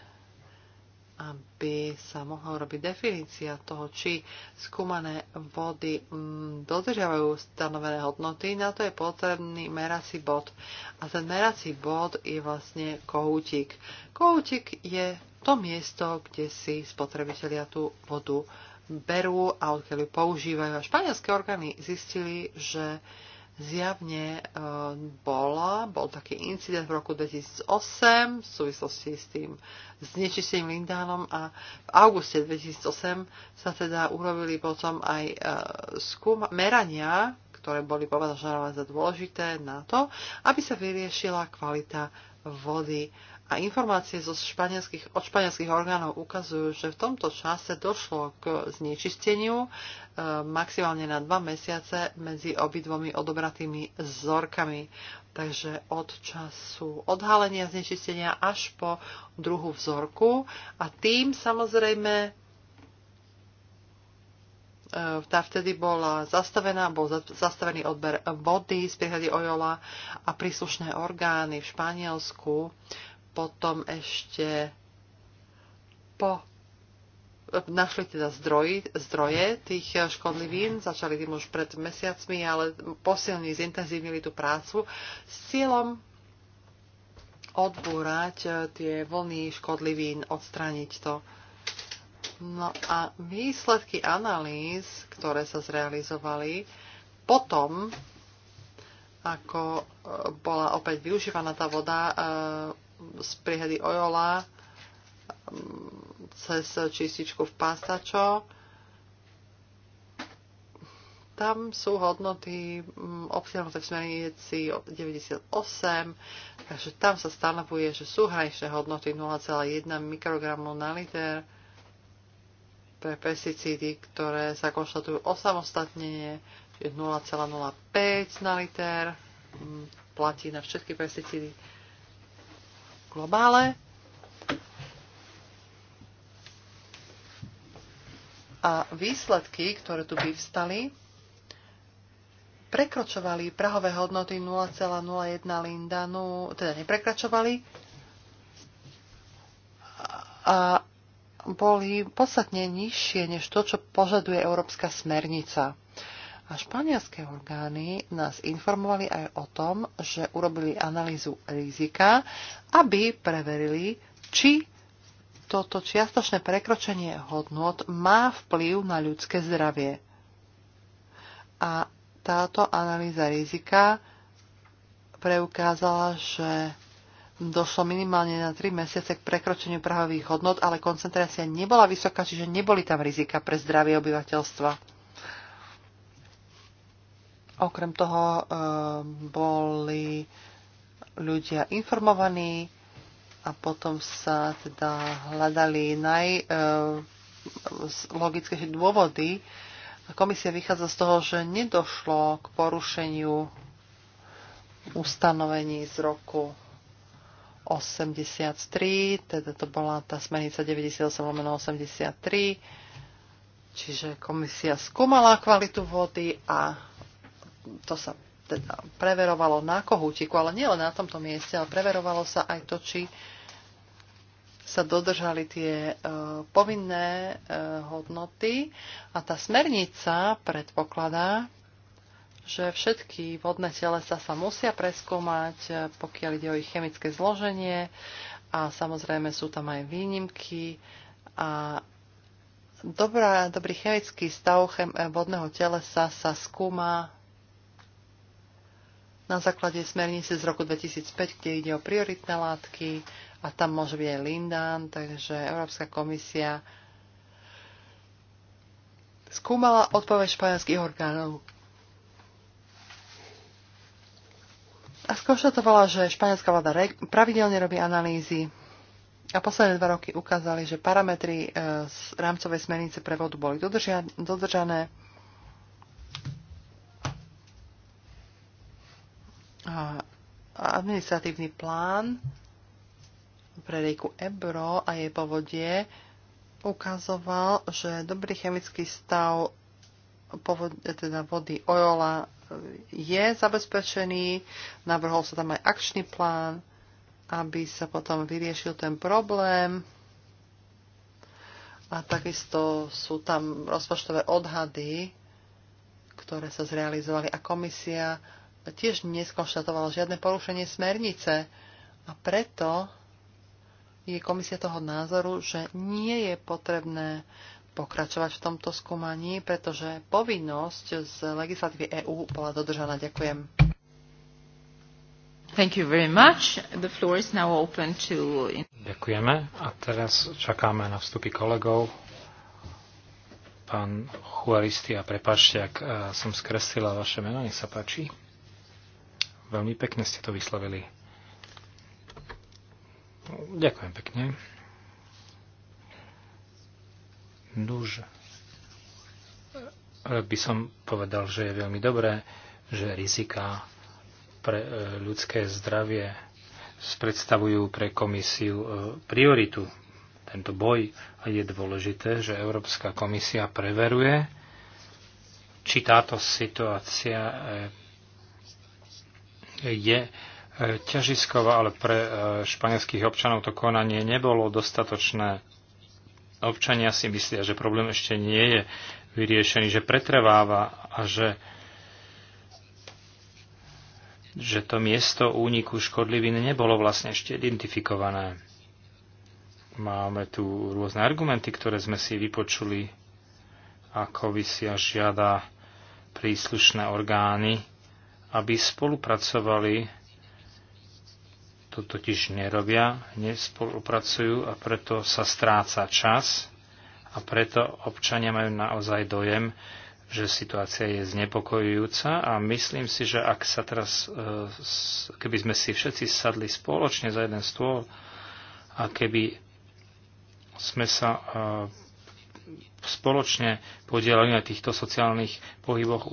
aby sa mohla urobiť definícia toho, či skúmané vody mm, dodržiavajú stanovené hodnoty. Na to je potrebný merací bod. A ten merací bod je vlastne kohútik. Kohútik je to miesto, kde si spotrebitelia tú vodu berú a odkiaľ ju používajú. A španielské orgány zistili, že Zjavne e, bola, bol taký incident v roku 2008 v súvislosti s tým znečistením Lindánom a v auguste 2008 sa teda urobili potom aj e, skúma, merania, ktoré boli považované za dôležité na to, aby sa vyriešila kvalita vody a informácie zo španielských, od španielských orgánov ukazujú, že v tomto čase došlo k znečisteniu e, maximálne na dva mesiace medzi obidvomi odobratými vzorkami. Takže od času odhalenia znečistenia až po druhú vzorku a tým samozrejme e, tá vtedy bola zastavená, bol zastavený odber vody z priehľady Ojola a príslušné orgány v Španielsku potom ešte po našli teda zdroj, zdroje tých škodlivín, začali tým už pred mesiacmi, ale posilní, zintenzívnili tú prácu s cieľom odbúrať eh, tie vlny škodlivín, odstrániť to. No a výsledky analýz, ktoré sa zrealizovali, potom, ako eh, bola opäť využívaná tá voda, eh, z priehady Ojola mm, cez čističku v Pasačo. Tam sú hodnoty mm, obsiahnuté v smernici 98, takže tam sa stanovuje, že sú hraničné hodnoty 0,1 mikrogramu na liter pre pesticídy, ktoré sa konštatujú osamostatnenie, čiže 0,05 na liter mm, platí na všetky pesticídy globále. A výsledky, ktoré tu vyvstali, prekročovali prahové hodnoty 0,01 lindanu, no, teda neprekračovali a boli podstatne nižšie než to, čo požaduje Európska smernica. A španielské orgány nás informovali aj o tom, že urobili analýzu rizika, aby preverili, či toto čiastočné prekročenie hodnot má vplyv na ľudské zdravie. A táto analýza rizika preukázala, že došlo minimálne na 3 mesiace k prekročeniu prahových hodnot, ale koncentrácia nebola vysoká, čiže neboli tam rizika pre zdravie obyvateľstva. Okrem toho eh, boli ľudia informovaní a potom sa teda hľadali eh, logické dôvody. Komisia vychádza z toho, že nedošlo k porušeniu ustanovení z roku 83, teda to bola tá smernica 98 83, čiže komisia skúmala kvalitu vody a to sa teda preverovalo na kohútiku, ale nielen na tomto mieste, ale preverovalo sa aj to, či sa dodržali tie e, povinné e, hodnoty a tá smernica predpokladá, že všetky vodné telesa sa musia preskúmať, e, pokiaľ ide o ich chemické zloženie a samozrejme sú tam aj výnimky a dobrá, dobrý chemický stav chem, vodného telesa sa skúma na základe smernice z roku 2005, kde ide o prioritné látky a tam môže byť aj Lindan, takže Európska komisia skúmala odpoveď španielských orgánov. A skonštatovala, že španielská vláda pravidelne robí analýzy a posledné dva roky ukázali, že parametry e, z rámcovej smernice pre vodu boli dodržané administratívny plán pre rieku Ebro a jej povodie ukazoval, že dobrý chemický stav teda vody Ojola e, je zabezpečený. Navrhol sa tam aj akčný plán, aby sa potom vyriešil ten problém. A takisto sú tam rozpočtové odhady, ktoré sa zrealizovali a komisia tiež neskonštatovalo žiadne porušenie smernice a preto je komisia toho názoru, že nie je potrebné pokračovať v tomto skúmaní, pretože povinnosť z legislatívy EÚ bola dodržaná. Ďakujem. Thank you very much. The floor is now open to... Ďakujeme. A teraz čakáme na vstupy kolegov. Pán Juaristi, a prepáčte, ak eh, som skreslila vaše meno, nech sa páči. Veľmi pekne ste to vyslovili. Ďakujem pekne. Nuž. Rád by som povedal, že je veľmi dobré, že rizika pre e, ľudské zdravie predstavujú pre komisiu e, prioritu. Tento boj a je dôležité, že Európska komisia preveruje, či táto situácia e, je e, ťažisková, ale pre e, španielských občanov to konanie nebolo dostatočné. Občania si myslia, že problém ešte nie je vyriešený, že pretrváva a že že to miesto úniku škodlivín nebolo vlastne ešte identifikované. Máme tu rôzne argumenty, ktoré sme si vypočuli, ako vysia žiada príslušné orgány aby spolupracovali. To totiž nerobia, nespolupracujú a preto sa stráca čas a preto občania majú naozaj dojem, že situácia je znepokojujúca a myslím si, že ak sa teraz, e, keby sme si všetci sadli spoločne za jeden stôl a keby sme sa e, spoločne podielali na týchto sociálnych pohyboch,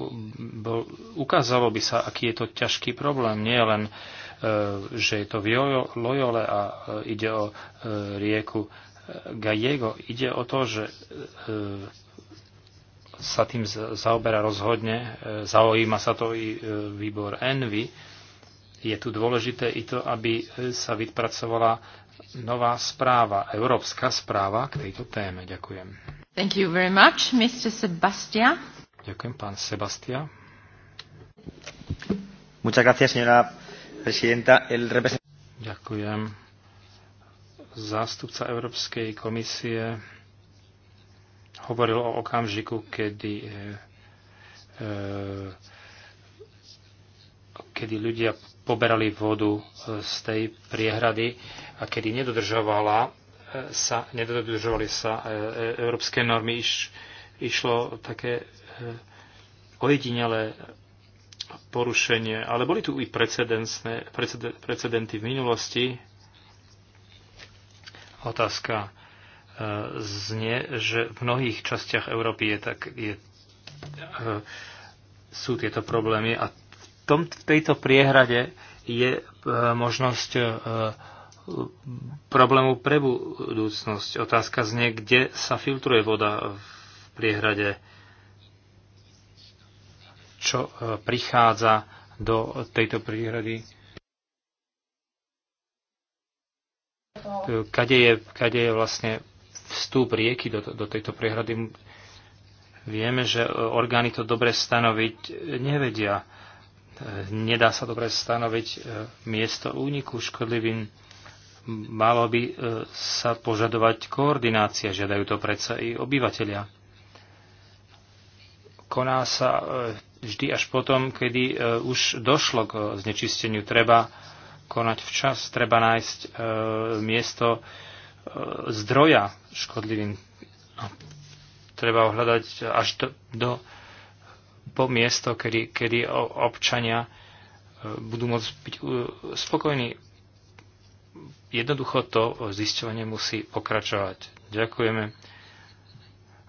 bol, ukázalo by sa, aký je to ťažký problém. Nie len, e, že je to v Loyole a e, ide o e, rieku e, Gallego, ide o to, že e, sa tým zaoberá rozhodne, e, zaujíma sa to i e, výbor Envy. Je tu dôležité i to, aby e, sa vypracovala nová správa, európska správa k tejto téme. Ďakujem. Thank you very much, Mr. Ďakujem, pán Muchas gracias, señora presidenta. El represent... Ďakujem. Zástupca Európskej komisie hovoril o okamžiku, kedy, eh, eh, kedy ľudia poberali vodu eh, z tej priehrady a kedy nedodržovala sa nedodržovali sa e, e, európske normy. Iš, išlo také e, ojedinelé porušenie, ale boli tu i precedencné, precedenty v minulosti. Otázka znie, že v mnohých častiach Európy je tak, je, sú tieto problémy a v, tom, v tejto priehrade je možnosť problémov pre budúcnosť. Otázka znie, kde sa filtruje voda v priehrade, čo e, prichádza do tejto priehrady, e, kade je, kade je vlastne vstup rieky do, do tejto priehrady. Vieme, že e, orgány to dobre stanoviť nevedia. Nedá sa dobre stanoviť miesto úniku škodlivým. Malo by e, sa požadovať koordinácia, žiadajú to predsa i obyvateľia. Koná sa e, vždy až potom, kedy e, už došlo k znečisteniu. Treba konať včas, treba nájsť miesto zdroja škodlivým. No, treba ohľadať až do, do po miesto, kedy, kedy občania budú môcť byť spokojní jednoducho to zisťovanie musí pokračovať. Ďakujeme.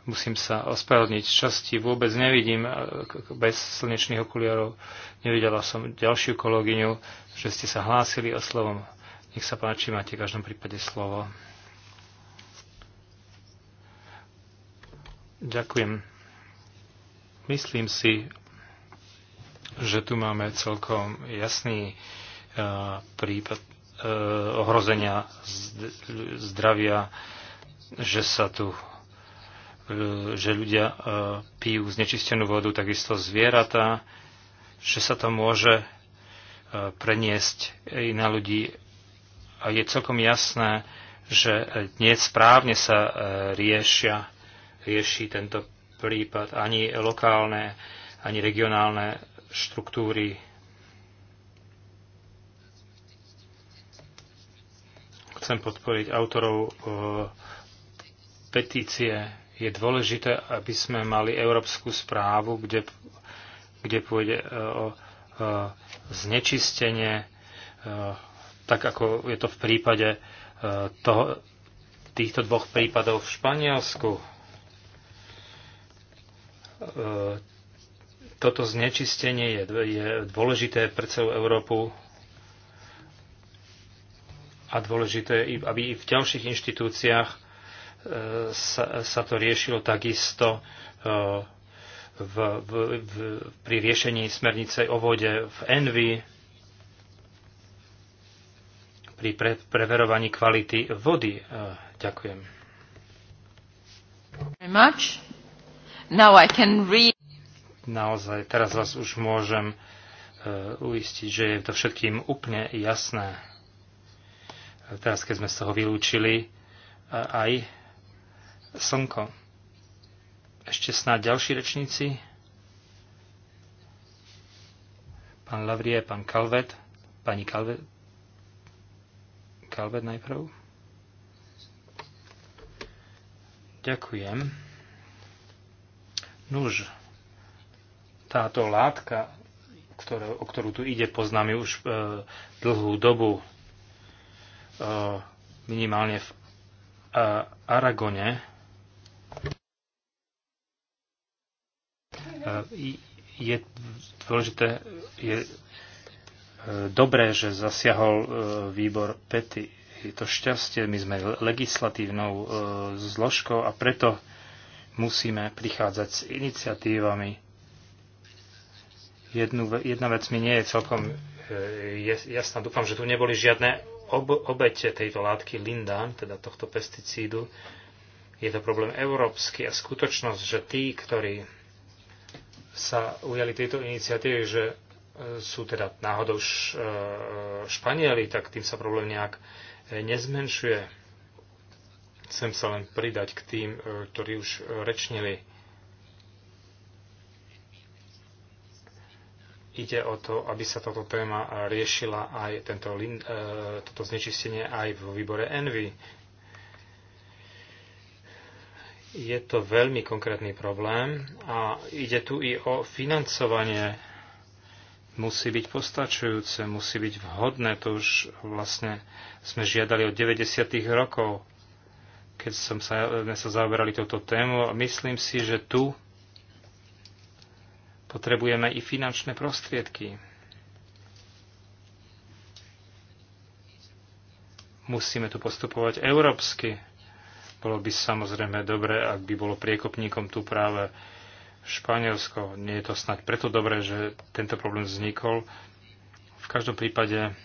Musím sa ospravedlniť časti. Vôbec nevidím bez slnečných okuliarov. Nevidela som ďalšiu kolegyňu, že ste sa hlásili o slovom. Nech sa páči, máte v každom prípade slovo. Ďakujem. Myslím si, že tu máme celkom jasný prípad Eh, ohrozenia zdravia, že sa tu eh, že ľudia eh, pijú znečistenú vodu, takisto zvieratá, že sa to môže preniesť aj na ľudí. A je celkom jasné, že nie správne sa riešia, rieši tento prípad ani lokálne, ani regionálne štruktúry chcem podporiť autorov eh, petície. Je dôležité, aby sme mali európsku správu, kde, kde pôjde eh, o eh, znečistenie, tak ako je to v prípade toho, týchto dvoch prípadov v Španielsku. Toto znečistenie je, je dôležité pre celú Európu a dôležité, aby i v ďalších inštitúciách e, sa, sa to riešilo takisto e, v, v, v, pri riešení smernice o vode v Envy, pri pre, preverovaní kvality vody. E, ďakujem. Naozaj, teraz vás už môžem uistiť, že je to všetkým úplne jasné teraz keď sme z toho vylúčili e, aj slnko. Ešte snáď ďalší rečníci. Pán Lavrie, pán Kalvet, pani Kalvet, Kalvet najprv. Ďakujem. Nuž, táto látka, ktoré, o ktorú tu ide, poznám už e, dlhú dobu minimálne v Aragone e, je dôležité, je e, dobré, že zasiahol e, výbor PETI. Je to šťastie, my sme legislatívnou zložkou a preto musíme prichádzať s iniciatívami. Jednu, jedna vec mi nie je celkom jasná. Dúfam, že tu neboli žiadne ob, obete tejto látky Lindan, teda tohto pesticídu, je to problém európsky a skutočnosť, že tí, ktorí sa ujali tejto iniciatívy, že e, sú teda náhodou e, Španieli, tak tým sa problém nejak e, nezmenšuje. Chcem sa len pridať k tým, ktorí už rečnili ide o to, aby sa táto téma eh, riešila aj tento, eh, toto znečistenie aj vo výbore Envy. Je to veľmi konkrétny problém a ide tu i o financovanie. Musí byť postačujúce, musí byť vhodné. To už vlastne sme žiadali od 90. rokov, keď som sa, eh, sme sa zaoberali touto tému. Myslím si, že tu Potrebujeme i finančné prostriedky. Musíme tu postupovať európsky. Bolo by samozrejme dobre, ak by bolo priekopníkom tu práve Španielsko. Nie je to snať preto dobré, že tento problém vznikol. V každom prípade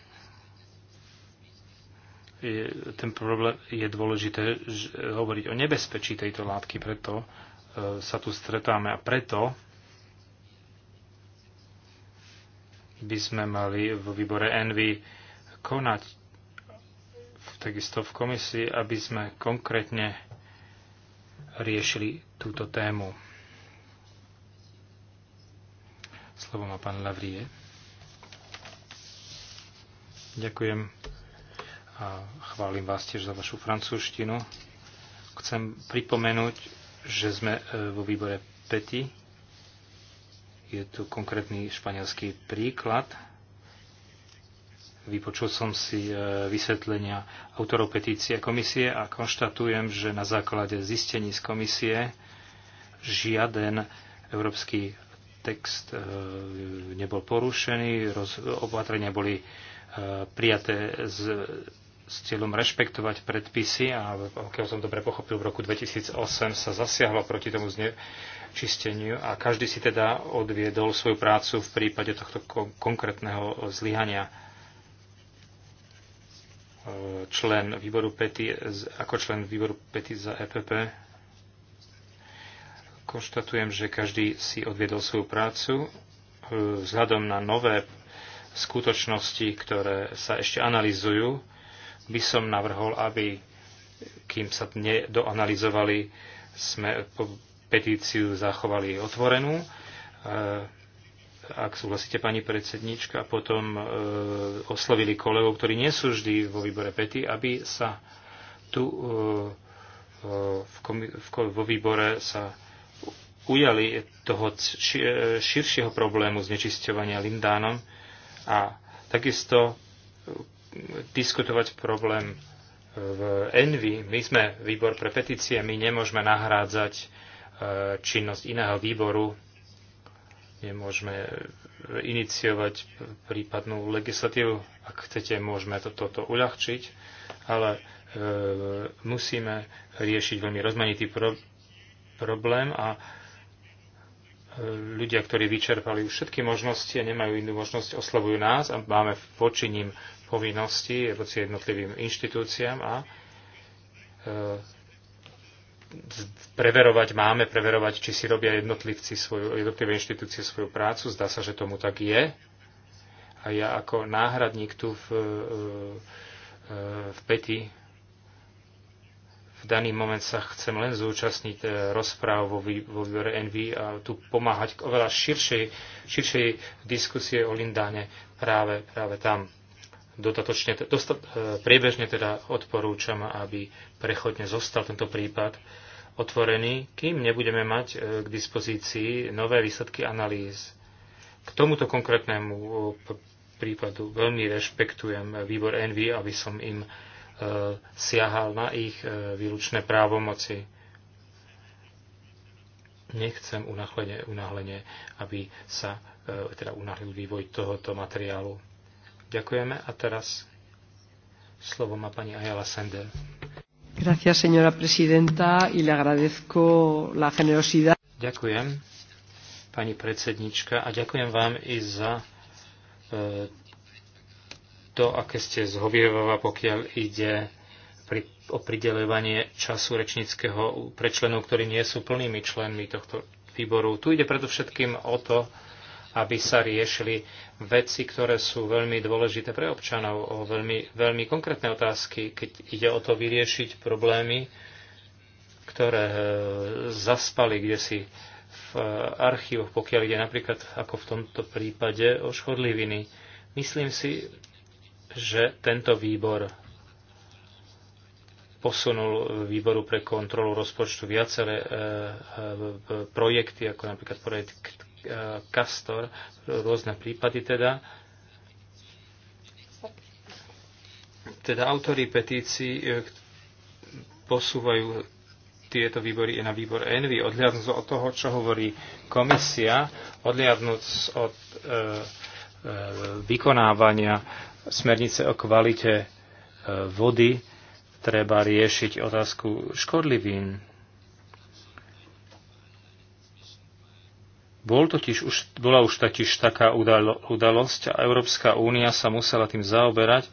je, ten problém je dôležité že, hovoriť o nebezpečí tejto látky, preto e, sa tu stretáme a preto by sme mali vo výbore Envy konať takisto v komisii, aby sme konkrétne riešili túto tému. Slovo má pán Lavrie. Ďakujem a chválim vás tiež za vašu francúzštinu. Chcem pripomenúť, že sme e, vo výbore PETI je tu konkrétny španielský príklad. Vypočul som si e, vysvetlenia autorov petície komisie a konštatujem, že na základe zistení z komisie žiaden európsky text e, nebol porušený, opatrenia boli e, prijaté z, s cieľom rešpektovať predpisy a keď som dobre pochopil, v roku 2008 sa zasiahlo proti tomu znečisteniu a každý si teda odviedol svoju prácu v prípade tohto konkrétneho zlyhania. E, člen výboru PETI, ako člen výboru PETI za EPP konštatujem, že každý si odviedol svoju prácu e, vzhľadom na nové skutočnosti, ktoré sa ešte analizujú, by som navrhol, aby kým sa nedoanalizovali, sme petíciu zachovali otvorenú. E, ak súhlasíte, pani predsednička, potom e, oslovili kolegov, ktorí nie sú vždy vo výbore pety, aby sa tu e, vo výbore sa ujali toho širšieho problému znečisťovania lindánom a takisto diskutovať problém v Envy. My sme výbor pre petície, my nemôžeme nahrádzať e, činnosť iného výboru, nemôžeme iniciovať prípadnú legislatívu. Ak chcete, môžeme to, toto uľahčiť, ale e, musíme riešiť veľmi rozmanitý pro, problém a e, ľudia, ktorí vyčerpali všetky možnosti a nemajú inú možnosť, oslovujú nás a máme voči ním povinností voči jednotlivým inštitúciám a e, preverovať, máme preverovať, či si robia jednotlivci svoju, jednotlivé inštitúcie svoju prácu. Zdá sa, že tomu tak je. A ja ako náhradník tu v, e, e, v Peti v daný moment sa chcem len zúčastniť rozpráv vo, vo výbore NV a tu pomáhať k oveľa širšej, širšej diskusie o Lindáne práve, práve tam dodatočne, dosta, e, priebežne teda odporúčam, aby prechodne zostal tento prípad otvorený, kým nebudeme mať e, k dispozícii nové výsledky analýz. K tomuto konkrétnemu e, prípadu veľmi rešpektujem výbor Envy, aby som im siahal na ich výlučné právomoci. Nechcem unáhlenie, unáhlenie aby sa teda unáhlil vývoj tohoto materiálu Ďakujeme a teraz slovo má pani Ayala Sender. Gracias, señora presidenta, y le agradezco la generosidad. Ďakujem, pani predsednička, a ďakujem vám i za e, to, aké ste zhovievava, pokiaľ ide pri, o pridelovanie času rečníckého pre členov, ktorí nie sú plnými členmi tohto výboru. Tu ide predovšetkým o to, aby sa riešili veci, ktoré sú veľmi dôležité pre občanov, o veľmi, veľmi konkrétne otázky, keď ide o to vyriešiť problémy, ktoré e, zaspali kde si v e, archívoch, pokiaľ ide napríklad ako v tomto prípade o škodliviny. Myslím si, že tento výbor posunul výboru pre kontrolu rozpočtu viaceré e, projekty, ako napríklad projekt E, Castor, rôzne prípady teda. Teda autory petícií e, posúvajú tieto výbory na výbor ENVY, odliadnúc od toho, čo hovorí komisia, odliadnúc od e, e, vykonávania smernice o kvalite e, vody, treba riešiť otázku škodlivín Bol totiž už, bola už totiž taká udalo, udalosť a Európska únia sa musela tým zaoberať,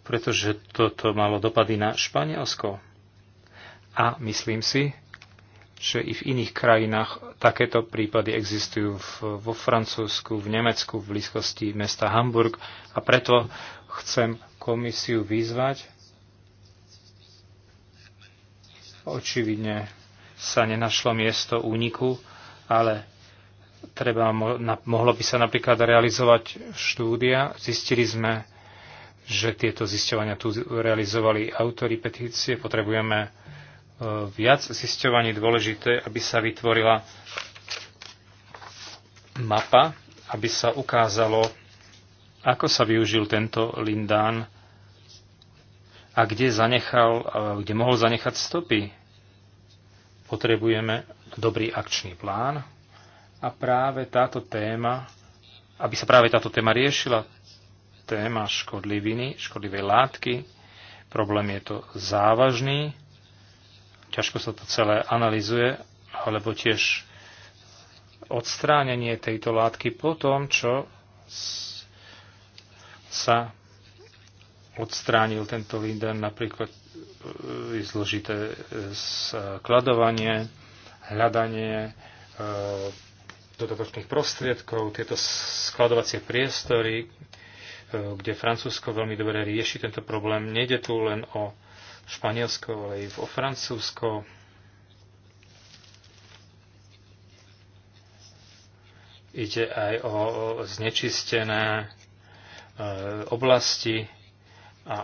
pretože toto malo dopady na Španielsko. A myslím si, že i v iných krajinách takéto prípady existujú v, vo Francúzsku, v Nemecku, v blízkosti mesta Hamburg a preto chcem komisiu vyzvať. Očividne sa nenašlo miesto úniku ale treba, mohlo by sa napríklad realizovať štúdia. Zistili sme, že tieto zisťovania tu realizovali autory petície. Potrebujeme e, viac zisťovaní dôležité, aby sa vytvorila mapa, aby sa ukázalo, ako sa využil tento Lindán a kde, zanechal, kde mohol zanechať stopy Potrebujeme dobrý akčný plán a práve táto téma, aby sa práve táto téma riešila, téma škodliviny, škodlivej látky, problém je to závažný, ťažko sa to celé analizuje, alebo tiež odstránenie tejto látky po tom, čo sa odstránil tento linden napríklad je zložité e, skladovanie, e, hľadanie e, dodatočných prostriedkov, tieto skladovacie priestory, kde Francúzsko veľmi dobre rieši tento problém. Nejde tu len o Španielsko, ale i o Francúzsko. Ide aj o znečistené oblasti a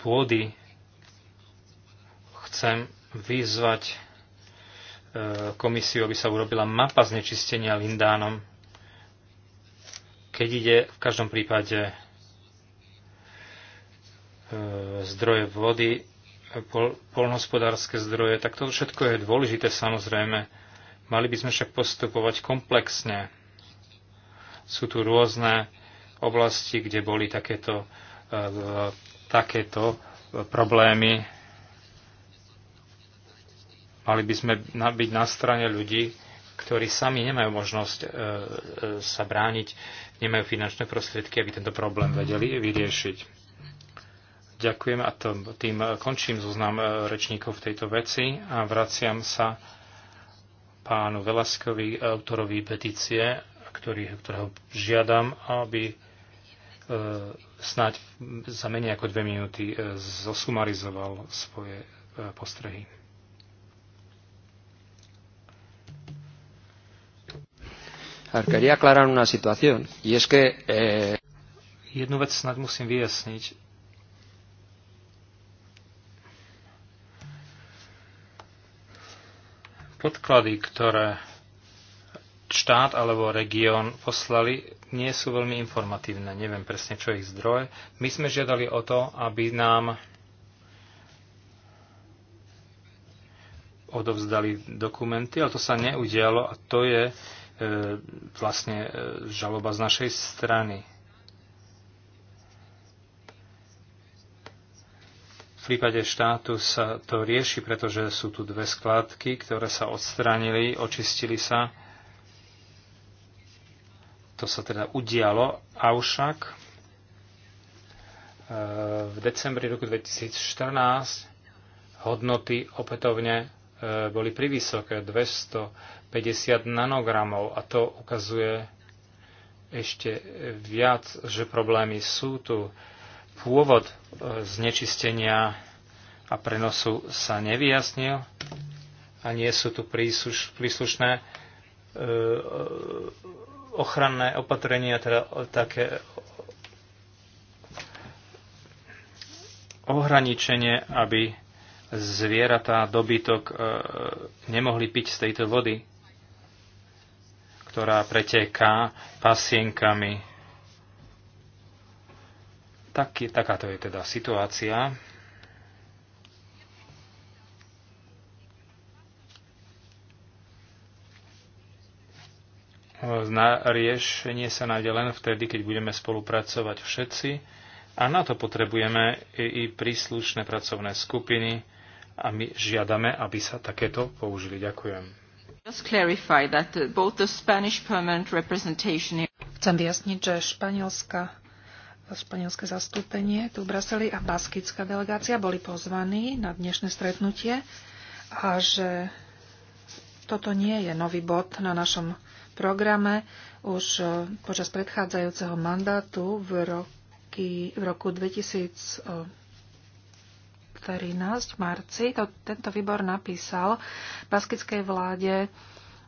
pôdy chcem vyzvať e, komisiu, aby sa urobila mapa znečistenia Lindánom, keď ide v každom prípade e, zdroje vody, pol, polnohospodárske zdroje, tak to všetko je dôležité samozrejme. Mali by sme však postupovať komplexne. Sú tu rôzne oblasti, kde boli takéto, e, takéto problémy Mali by sme byť na strane ľudí, ktorí sami nemajú možnosť e, e, sa brániť, nemajú finančné prostriedky, aby tento problém vedeli vyriešiť. Ďakujem a tým končím zoznam e, rečníkov v tejto veci a vraciam sa pánu Velaskovi, autorovi petície, ktorý, ktorého žiadam, aby snáď za menej ako dve minúty zosumarizoval svoje postrehy. A quería aclarar una situación, y es que... Eh... Jednu vec snad musím vyjasniť. Podklady, ktoré štát alebo región poslali, nie sú veľmi informatívne. Neviem presne, čo je ich zdroje. My sme žiadali o to, aby nám odovzdali dokumenty, ale to sa neudialo a to je E, vlastne e, žaloba z našej strany. V prípade štátu sa to rieši, pretože sú tu dve skládky, ktoré sa odstránili, očistili sa. To sa teda udialo, avšak e, v decembri roku 2014 hodnoty opätovne E, boli privysoké 250 nanogramov a to ukazuje ešte viac, že problémy sú tu. Pôvod e, znečistenia a prenosu sa nevyjasnil a nie sú tu prísluš, príslušné e, ochranné opatrenia, teda také ohraničenie, aby zvieratá, dobytok e, nemohli piť z tejto vody, ktorá preteká pasienkami. Taký, takáto je teda situácia. Na riešenie sa nájde len vtedy, keď budeme spolupracovať všetci a na to potrebujeme i príslušné pracovné skupiny, a my žiadame, aby sa takéto použili. Ďakujem. Uh, Chcem vyjasniť, že španielska, španielské zastúpenie tu v Bruseli a baskická delegácia boli pozvaní na dnešné stretnutie a že toto nie je nový bod na našom programe. Už uh, počas predchádzajúceho mandátu v, roky, v roku 2000, 2013 v marci to, tento výbor napísal baskickej vláde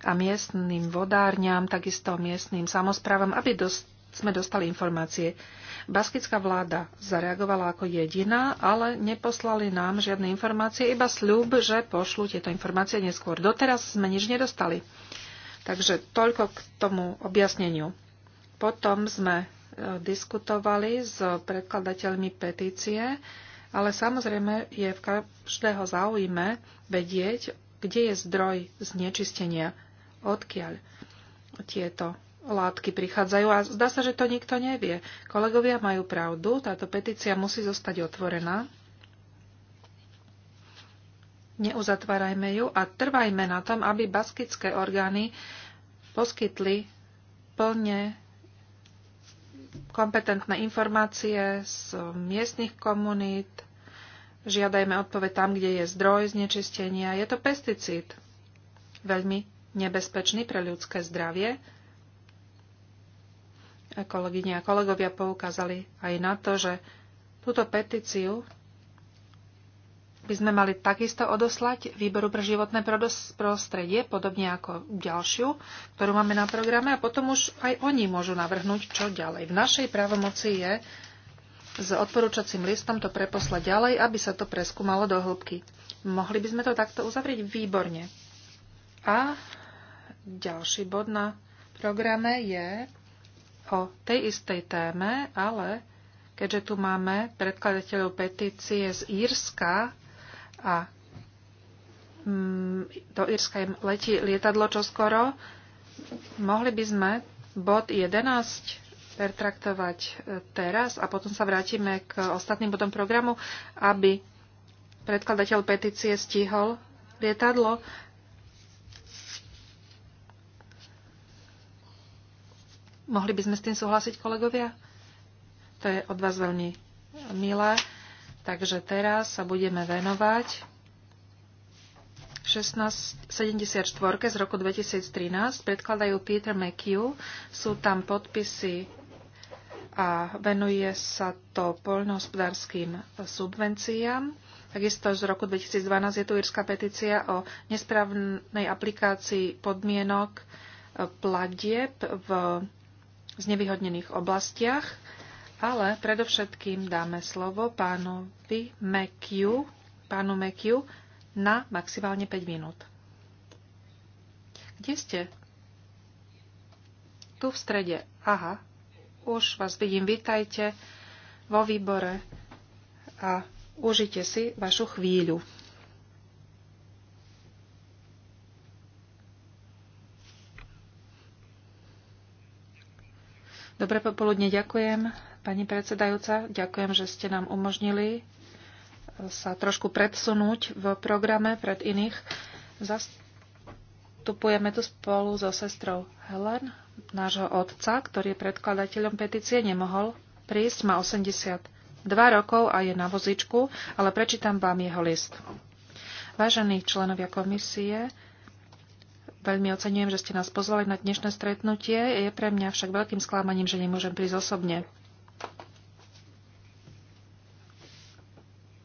a miestnym vodárňam, takisto miestnym samozprávam, aby dost, sme dostali informácie. Baskická vláda zareagovala ako jediná, ale neposlali nám žiadne informácie, iba sľub, že pošlu tieto informácie neskôr. Doteraz sme nič nedostali. Takže toľko k tomu objasneniu. Potom sme e, diskutovali s predkladateľmi petície ale samozrejme je v každého záujme vedieť, kde je zdroj znečistenia, odkiaľ tieto látky prichádzajú a zdá sa, že to nikto nevie. Kolegovia majú pravdu, táto petícia musí zostať otvorená. Neuzatvárajme ju a trvajme na tom, aby baskické orgány poskytli plne kompetentné informácie z miestnych komunít, žiadajme odpoveď tam, kde je zdroj znečistenia. Je to pesticíd, veľmi nebezpečný pre ľudské zdravie. Kolegyne a kolegovia poukázali aj na to, že túto petíciu by sme mali takisto odoslať výboru pre životné prostredie, podobne ako ďalšiu, ktorú máme na programe a potom už aj oni môžu navrhnúť, čo ďalej. V našej právomoci je s odporúčacím listom to preposlať ďalej, aby sa to preskúmalo do hĺbky. Mohli by sme to takto uzavrieť výborne. A ďalší bod na programe je o tej istej téme, ale keďže tu máme predkladateľov petície z Írska, a mm, do Írska letí lietadlo čoskoro. Mohli by sme bod 11 pertraktovať e, teraz a potom sa vrátime k ostatným bodom programu, aby predkladateľ petície stihol lietadlo. Mohli by sme s tým súhlasiť, kolegovia? To je od vás veľmi milé. Takže teraz sa budeme venovať 1674 z roku 2013. Predkladajú Peter McHugh. Sú tam podpisy a venuje sa to poľnohospodárským subvenciám. Takisto z roku 2012 je tu írska petícia o nesprávnej aplikácii podmienok eh, platieb v znevýhodnených oblastiach. Ale predovšetkým dáme slovo pánovi Mekiu, pánu Mekiu na maximálne 5 minút. Kde ste? Tu v strede. Aha, už vás vidím. Vítajte vo výbore a užite si vašu chvíľu. Dobre popoludne, ďakujem Pani predsedajúca, ďakujem, že ste nám umožnili e, sa trošku predsunúť v programe pred iných. Zastupujeme tu spolu so sestrou Helen, nášho otca, ktorý je predkladateľom petície, nemohol prísť, má 82 rokov a je na vozičku, ale prečítam vám jeho list. Vážení členovia komisie, Veľmi oceňujem, že ste nás pozvali na dnešné stretnutie. Je pre mňa však veľkým sklamaním, že nemôžem prísť osobne.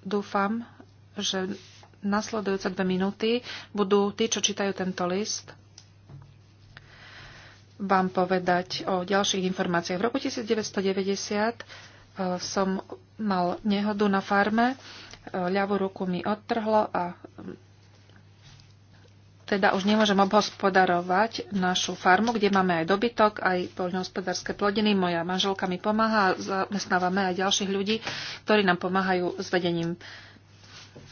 dúfam, že nasledujúce dve minúty budú tí, čo čítajú tento list, vám povedať o ďalších informáciách. V roku 1990 e, som mal nehodu na farme, e, ľavú ruku mi odtrhlo a teda už nemôžem obhospodarovať našu farmu, kde máme aj dobytok, aj poľnohospodárske plodiny. Moja manželka mi pomáha a zamestnávame aj ďalších ľudí, ktorí nám pomáhajú s vedením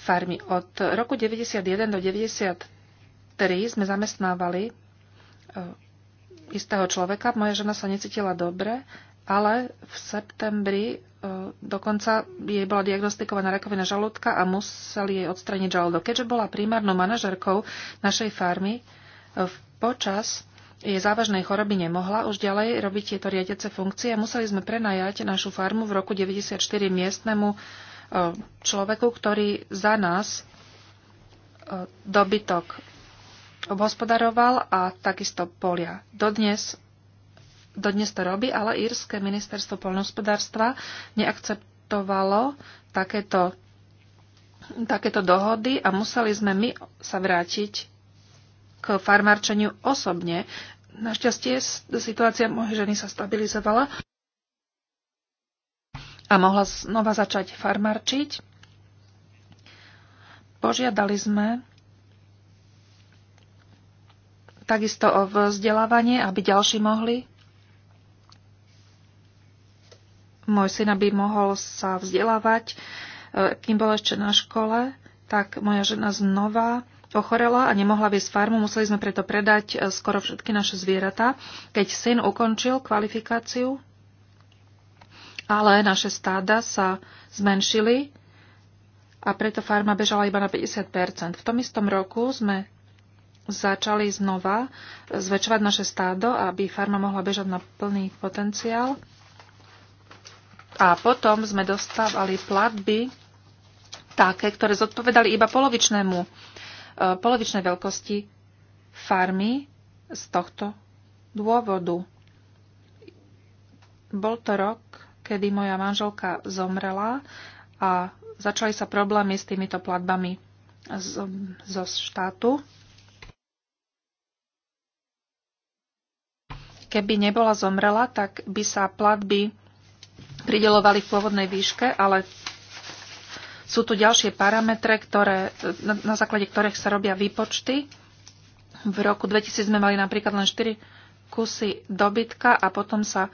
farmy. Od roku 91 do 93 sme zamestnávali e, istého človeka. Moja žena sa necítila dobre ale v septembri e, dokonca jej bola diagnostikovaná rakovina žalúdka a museli jej odstraniť žalúdok. Keďže bola primárnou manažerkou našej farmy, e, počas jej závažnej choroby nemohla už ďalej robiť tieto riadece funkcie a museli sme prenajať našu farmu v roku 94 miestnemu e, človeku, ktorý za nás dobytok obhospodaroval a takisto polia. Dodnes dodnes to robí, ale írske ministerstvo poľnohospodárstva neakceptovalo takéto, takéto dohody a museli sme my sa vrátiť k farmárčeniu osobne. Našťastie situácia mojej ženy sa stabilizovala a mohla znova začať farmárčiť. Požiadali sme takisto o vzdelávanie, aby ďalší mohli môj syn, aby mohol sa vzdelávať, e, kým bol ešte na škole, tak moja žena znova ochorela a nemohla viesť farmu, museli sme preto predať e, skoro všetky naše zvieratá. Keď syn ukončil kvalifikáciu, ale naše stáda sa zmenšili a preto farma bežala iba na 50%. V tom istom roku sme začali znova zväčšovať naše stádo, aby farma mohla bežať na plný potenciál a potom sme dostávali platby také, ktoré zodpovedali iba polovičnému, e, polovičnej veľkosti farmy z tohto dôvodu. Bol to rok, kedy moja manželka zomrela a začali sa problémy s týmito platbami zo, zo štátu. Keby nebola zomrela, tak by sa platby pridelovali v pôvodnej výške, ale sú tu ďalšie parametre, ktoré, na, na základe ktorých sa robia výpočty. V roku 2000 sme mali napríklad len 4 kusy dobytka a potom sa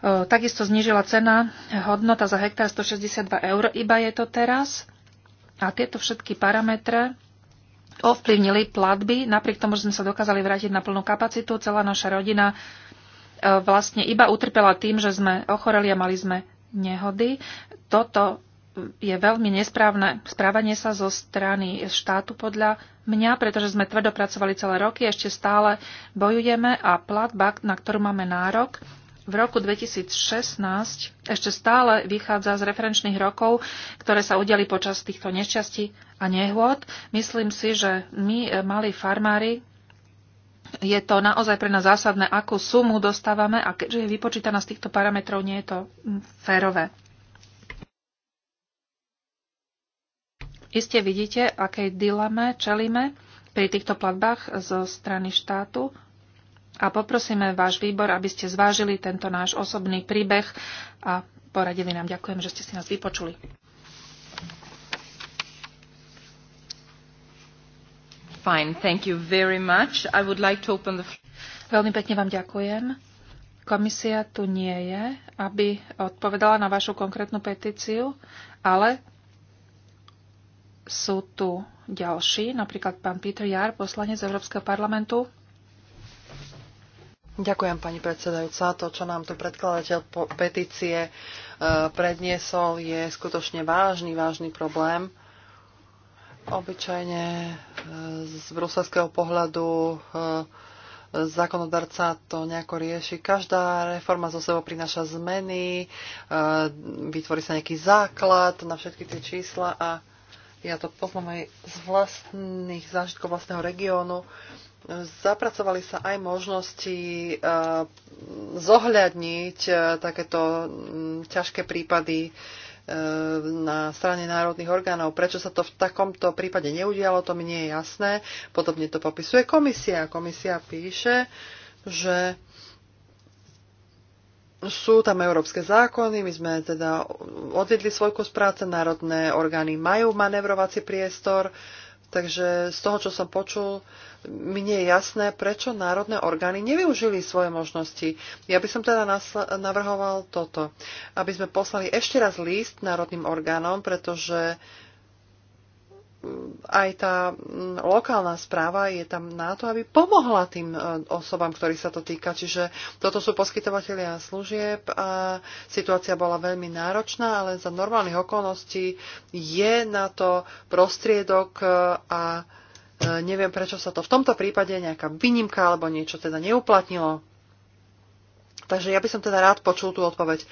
o, e, takisto znížila cena, hodnota za hektár 162 eur, iba je to teraz. A tieto všetky parametre ovplyvnili platby, napriek tomu, že sme sa dokázali vrátiť na plnú kapacitu, celá naša rodina E, vlastne iba utrpela tým, že sme ochoreli a mali sme nehody. Toto je veľmi nesprávne správanie sa zo strany štátu podľa mňa, pretože sme tvrdo pracovali celé roky, ešte stále bojujeme a platba, na ktorú máme nárok, v roku 2016 ešte stále vychádza z referenčných rokov, ktoré sa udiali počas týchto nešťastí a nehôd. Myslím si, že my, e, malí farmári, je to naozaj pre nás zásadné, akú sumu dostávame a keďže je vypočítaná z týchto parametrov, nie je to mm, férové. Iste vidíte, akej dileme čelíme pri týchto platbách zo strany štátu a poprosíme váš výbor, aby ste zvážili tento náš osobný príbeh a poradili nám. Ďakujem, že ste si nás vypočuli. Fine, thank you very much. I would like to open the... Veľmi pekne vám ďakujem. Komisia tu nie je, aby odpovedala na vašu konkrétnu petíciu, ale sú tu ďalší, napríklad pán Peter Jar, poslanec Európskeho parlamentu. Ďakujem, pani predsedajúca. To, čo nám tu predkladateľ petície eh, predniesol, je skutočne vážny, vážny problém. Obyčajne eh, z bruselského pohľadu eh, zákonodarca to nejako rieši. Každá reforma zo sebou prináša zmeny, eh, vytvorí sa nejaký základ na všetky tie čísla a ja to poznám aj z vlastných zážitkov vlastného regiónu. Zapracovali sa aj možnosti zohľadniť takéto mm, ťažké prípady E, na strane národných orgánov. Prečo sa to v takomto prípade neudialo, to mi nie je jasné. Podobne to popisuje komisia. Komisia píše, že sú tam európske zákony, my sme teda odvedli svoj kus práce, národné orgány majú manevrovací priestor, Takže z toho, čo som počul, mi nie je jasné, prečo národné orgány nevyužili svoje možnosti. Ja by som teda navrhoval toto, aby sme poslali ešte raz list národným orgánom, pretože uh, aj tá lokálna správa je tam na to, aby pomohla tým e, osobám, ktorí sa to týka. Čiže toto sú poskytovateľia služieb a situácia bola veľmi náročná, ale za normálnych okolností je na to prostriedok e, a e, neviem, prečo sa to v tomto prípade nejaká výnimka alebo niečo teda neuplatnilo. Takže ja by som teda rád počul tú odpoveď.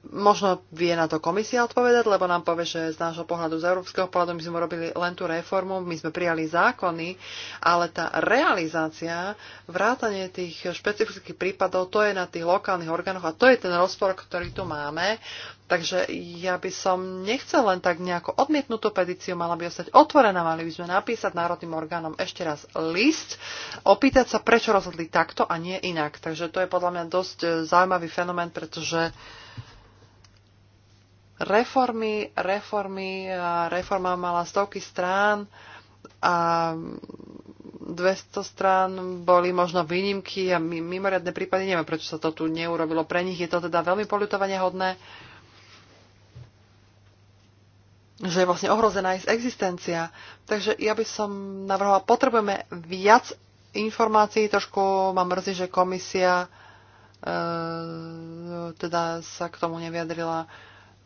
Možno vie na to komisia odpovedať, lebo nám povie, že z nášho pohľadu, z európskeho pohľadu, my sme robili len tú reformu, my sme prijali zákony, ale tá realizácia, vrátanie tých špecifických prípadov, to je na tých lokálnych orgánoch a to je ten rozpor, ktorý tu máme. Takže ja by som nechcel len tak nejako odmietnutú petíciu, mala by ostať otvorená, mali by sme napísať národným orgánom ešte raz list, opýtať sa, prečo rozhodli takto a nie inak. Takže to je podľa mňa dosť e, zaujímavý fenomén, pretože reformy, reformy a reforma mala stovky strán a 200 strán boli možno výnimky a mimoriadne prípady, neviem prečo sa to tu neurobilo. Pre nich je to teda veľmi poľutovania hodné, že je vlastne ohrozená ich existencia. Takže ja by som navrhovala, potrebujeme viac informácií, trošku mám mrzí, že komisia e, teda sa k tomu nevyjadrila. E,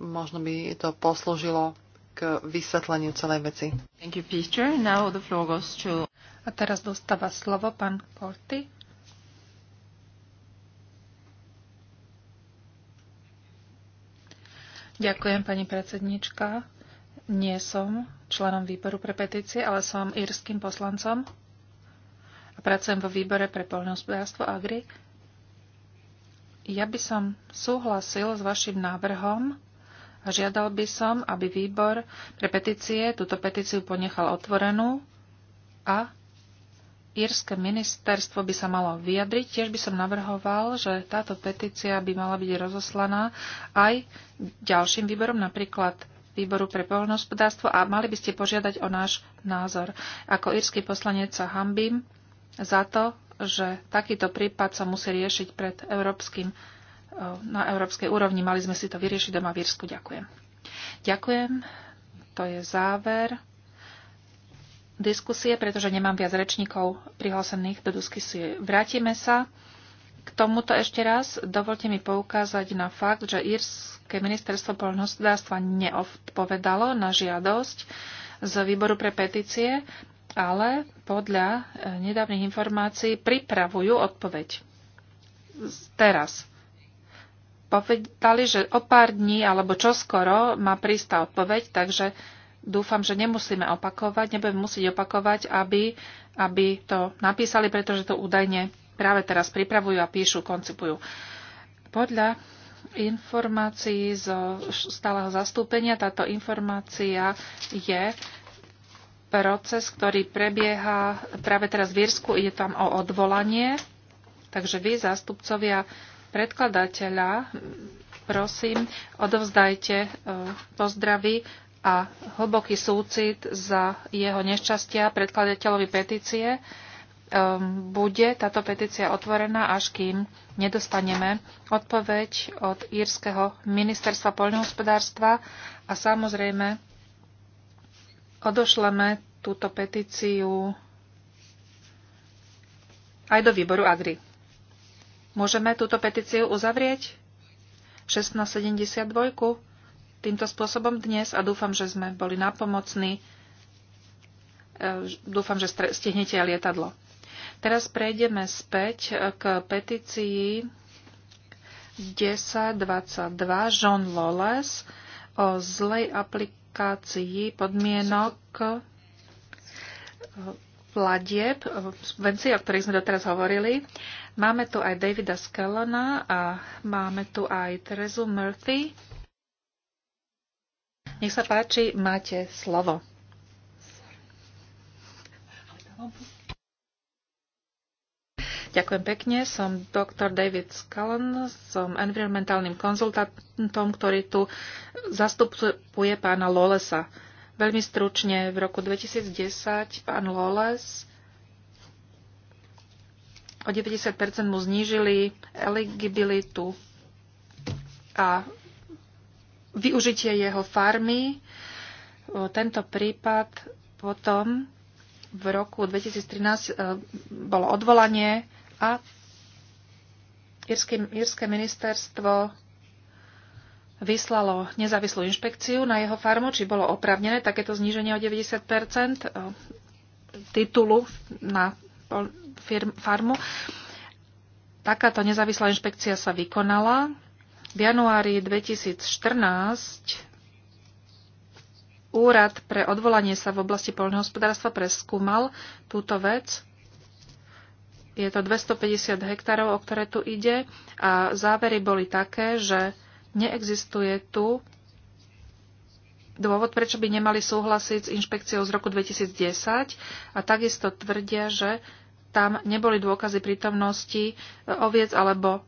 možno by to poslúžilo k vysvetleniu celej veci. Thank you, Peter. Now the floor goes to... A teraz dostáva slovo pán Porty. Ďakujem, pani predsednička. Nie som členom výboru pre petície, ale som írským poslancom a pracujem vo výbore pre poľnohospodárstvo Agri. Ja by som súhlasil s vašim návrhom, a žiadal by som, aby výbor pre petície túto petíciu ponechal otvorenú a írske ministerstvo by sa malo vyjadriť. Tiež by som navrhoval, že táto petícia by mala byť rozoslaná aj ďalším výborom, napríklad výboru pre poľnohospodárstvo a mali by ste požiadať o náš názor. Ako írsky poslanec sa hambím za to, že takýto prípad sa musí riešiť pred Európskym na európskej úrovni. Mali sme si to vyriešiť doma v Írsku. Ďakujem. Ďakujem. To je záver diskusie, pretože nemám viac rečníkov prihlásených do diskusie. Vrátime sa k tomuto ešte raz. Dovolte mi poukázať na fakt, že Írske ministerstvo poľnohospodárstva neodpovedalo na žiadosť z výboru pre petície, ale podľa nedávnych informácií pripravujú odpoveď. Teraz povedali, že o pár dní alebo čoskoro má prísť tá odpoveď, takže dúfam, že nemusíme opakovať, nebudeme musieť opakovať, aby, aby to napísali, pretože to údajne práve teraz pripravujú a píšu, koncipujú. Podľa informácií zo stáleho zastúpenia táto informácia je proces, ktorý prebieha práve teraz v Írsku, ide tam o odvolanie, takže vy, zástupcovia predkladateľa prosím, odovzdajte e, pozdravy a hlboký súcit za jeho nešťastia predkladateľovi petície. E, bude táto petícia otvorená, až kým nedostaneme odpoveď od írskeho ministerstva poľnohospodárstva a samozrejme odošleme túto petíciu aj do výboru Agri. Môžeme túto petíciu uzavrieť? 1672 týmto spôsobom dnes a dúfam, že sme boli napomocní. E, dúfam, že stihnete aj lietadlo. Teraz prejdeme späť k petícii 1022 John Lawless o zlej aplikácii podmienok vladieb, e, subvencií, e, o ktorých sme doteraz hovorili. Máme tu aj Davida Skellona a máme tu aj Terezu Murphy. Nech sa páči, máte slovo. Ďakujem pekne. Som doktor David Scullen, som environmentálnym konzultantom, ktorý tu zastupuje pána Lolesa. Veľmi stručne, v roku 2010 pán Loles o 90% mu znížili eligibilitu a využitie jeho farmy. Tento prípad potom v roku 2013 e, bolo odvolanie a Irské, Irské ministerstvo vyslalo nezávislú inšpekciu na jeho farmu, či bolo opravnené takéto zníženie o 90 e, titulu na firm, farmu. Takáto nezávislá inšpekcia sa vykonala. V januári 2014 Úrad pre odvolanie sa v oblasti poľnohospodárstva preskúmal túto vec. Je to 250 hektárov, o ktoré tu ide a závery boli také, že neexistuje tu dôvod, prečo by nemali súhlasiť s inšpekciou z roku 2010 a takisto tvrdia, že tam neboli dôkazy prítomnosti e, oviec alebo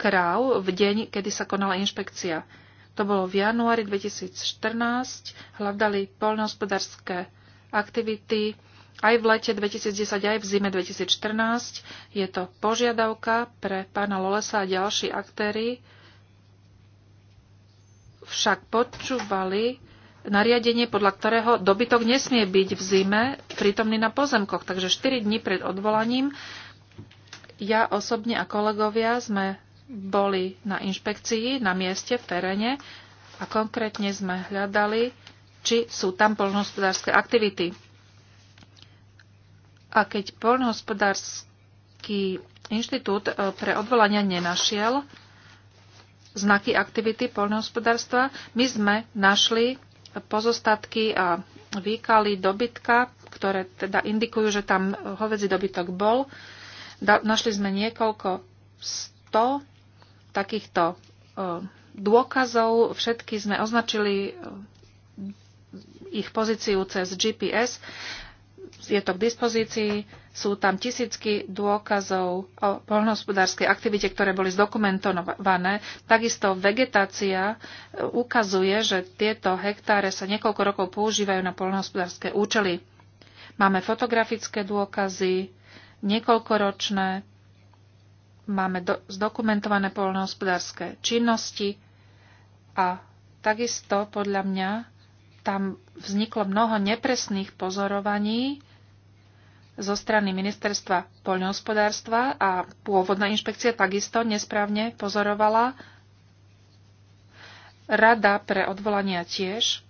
kráv v deň, kedy sa konala inšpekcia. To bolo v januári 2014. Hľadali poľnohospodárske aktivity aj v lete 2010, aj v zime 2014. Je to požiadavka pre pána Lolesa a ďalší aktéry. Však počúvali nariadenie, podľa ktorého dobytok nesmie byť v zime prítomný na pozemkoch. Takže 4 dní pred odvolaním ja osobne a kolegovia sme boli na inšpekcii na mieste v teréne a konkrétne sme hľadali, či sú tam poľnohospodárske aktivity. A keď poľnohospodársky inštitút e, pre odvolania nenašiel znaky aktivity poľnohospodárstva, my sme našli pozostatky a výkaly dobytka, ktoré teda indikujú, že tam hovedzi dobytok bol. Da, našli sme niekoľko sto takýchto e, dôkazov. Všetky sme označili e, ich pozíciu cez GPS. Je to k dispozícii sú tam tisícky dôkazov o poľnohospodárskej aktivite, ktoré boli zdokumentované. Takisto vegetácia e, ukazuje, že tieto hektáre sa niekoľko rokov používajú na poľnohospodárske účely. Máme fotografické dôkazy, niekoľkoročné, máme do, zdokumentované poľnohospodárske činnosti a takisto podľa mňa tam vzniklo mnoho nepresných pozorovaní zo strany ministerstva poľnohospodárstva a pôvodná inšpekcia takisto nesprávne pozorovala. Rada pre odvolania tiež.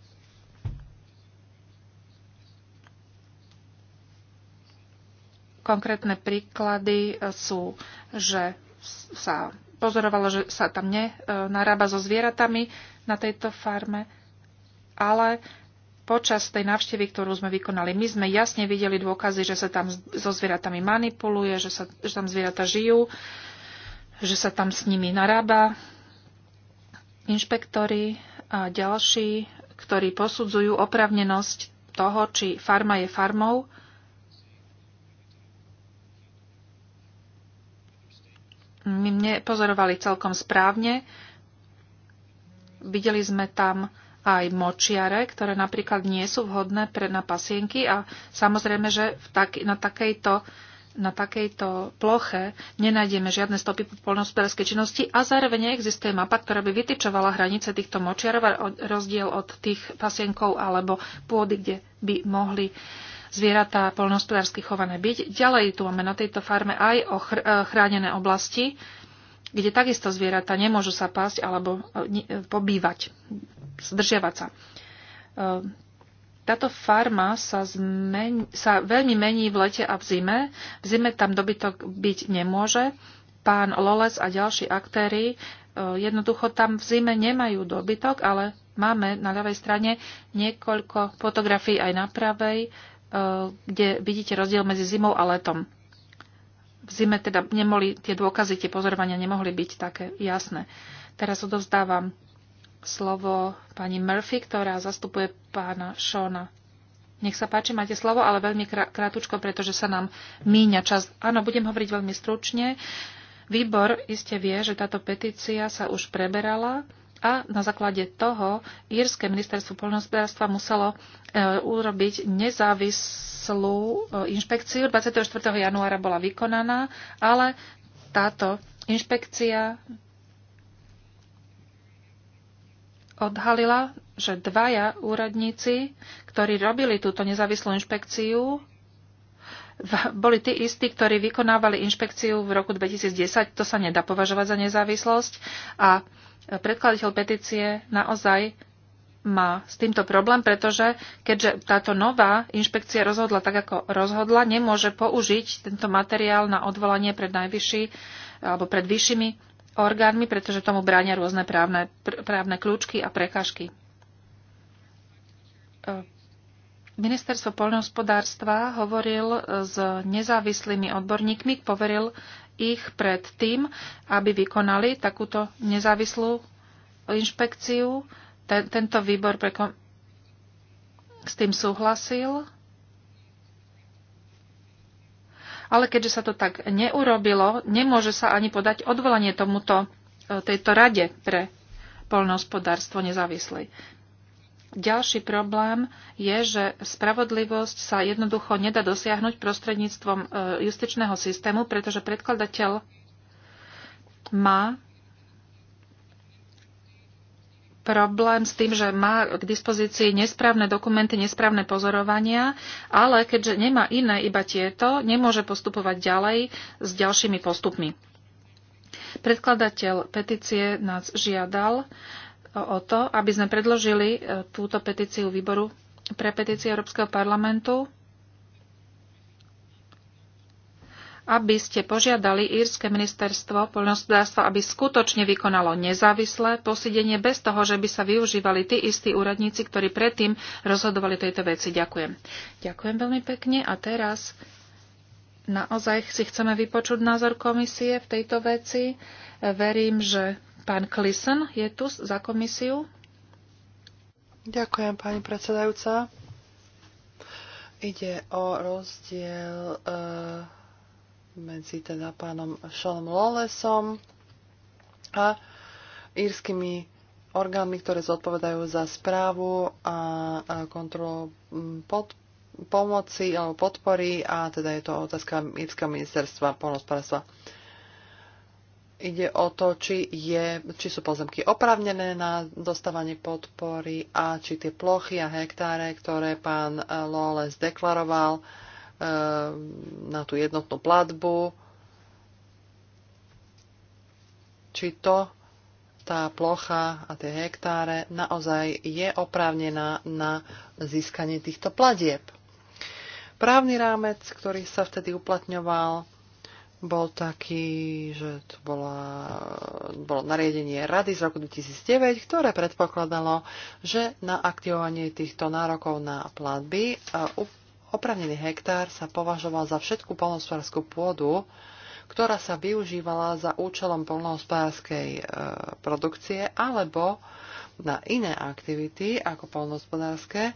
Konkrétne príklady sú, že sa pozorovalo, že sa tam nenarába so zvieratami na tejto farme, ale počas tej návštevy, ktorú sme vykonali. My sme jasne videli dôkazy, že sa tam so zvieratami manipuluje, že, sa, že tam zvieratá žijú, že sa tam s nimi narába. Inšpektori a ďalší, ktorí posudzujú opravnenosť toho, či farma je farmou, my mne pozorovali celkom správne. Videli sme tam aj močiare, ktoré napríklad nie sú vhodné pre, na pasienky a samozrejme, že v tak, na takejto na takejto ploche nenájdeme žiadne stopy po poľnohospodárskej činnosti a zároveň neexistuje mapa, ktorá by vytyčovala hranice týchto močiarov a rozdiel od tých pasienkov alebo pôdy, kde by mohli zvieratá poľnohospodársky chované byť. Ďalej tu máme na tejto farme aj o eh, chránené oblasti, kde takisto zvieratá nemôžu sa pásť alebo e, e, pobývať, zdržiavať sa. E, táto farma sa, zmen- sa veľmi mení v lete a v zime. V zime tam dobytok byť nemôže. Pán Loles a ďalší aktéry jednoducho tam v zime nemajú dobytok, ale máme na ľavej strane niekoľko fotografií aj na pravej, kde vidíte rozdiel medzi zimou a letom v zime teda nemohli, tie dôkazy, tie pozorovania nemohli byť také jasné. Teraz odovzdávam slovo pani Murphy, ktorá zastupuje pána Šona. Nech sa páči, máte slovo, ale veľmi krátko, pretože sa nám míňa čas. Áno, budem hovoriť veľmi stručne. Výbor iste vie, že táto petícia sa už preberala a na základe toho Írske ministerstvo poľnohospodárstva muselo e, urobiť nezávislú e, inšpekciu. 24. januára bola vykonaná, ale táto inšpekcia odhalila, že dvaja úradníci, ktorí robili túto nezávislú inšpekciu, boli tí istí, ktorí vykonávali inšpekciu v roku 2010. To sa nedá považovať za nezávislosť. A predkladateľ petície naozaj má s týmto problém, pretože keďže táto nová inšpekcia rozhodla tak, ako rozhodla, nemôže použiť tento materiál na odvolanie pred najvyšší alebo pred vyššími orgánmi, pretože tomu bránia rôzne právne, právne kľúčky a prekážky. E, Ministerstvo poľnohospodárstva hovoril s nezávislými odborníkmi, poveril ich pred tým, aby vykonali takúto nezávislú inšpekciu. Ten, tento výbor preko- s tým súhlasil. Ale keďže sa to tak neurobilo, nemôže sa ani podať odvolanie tomuto, e, tejto rade pre poľnohospodárstvo nezávislej. Ďalší problém je, že spravodlivosť sa jednoducho nedá dosiahnuť prostredníctvom e, justičného systému, pretože predkladateľ má problém s tým, že má k dispozícii nesprávne dokumenty, nesprávne pozorovania, ale keďže nemá iné, iba tieto, nemôže postupovať ďalej s ďalšími postupmi. Predkladateľ petície nás žiadal, o to, aby sme predložili e, túto petíciu výboru pre petície Európskeho parlamentu, aby ste požiadali Írske ministerstvo poľnohospodárstva, aby skutočne vykonalo nezávislé posídenie bez toho, že by sa využívali tí istí úradníci, ktorí predtým rozhodovali tejto veci. Ďakujem. Ďakujem veľmi pekne a teraz naozaj si chceme vypočuť názor komisie v tejto veci. Verím, že Pán Klisen je tu za komisiu. Ďakujem, pani predsedajúca. Ide o rozdiel e, medzi teda pánom Seanom Lawlessom a írskymi orgánmi, ktoré zodpovedajú za správu a, a kontrolu mm, pod, pomoci alebo podpory a teda je to otázka írskeho ministerstva polnospodárstva. E, ide o to, či, je, či sú pozemky opravnené na dostávanie podpory a či tie plochy a hektáre, ktoré pán eh, Loles deklaroval e, na tú jednotnú platbu, či to tá plocha a tie hektáre naozaj je oprávnená na získanie týchto platieb. Právny rámec, ktorý sa vtedy uplatňoval, bol taký, že to bola, bolo nariadenie Rady z roku 2009, ktoré predpokladalo, že na aktivovanie týchto nárokov na platby opravnený hektár sa považoval za všetku polnohospodárskú pôdu, ktorá sa využívala za účelom polnohospodárskej e, produkcie alebo na iné aktivity ako polnohospodárske,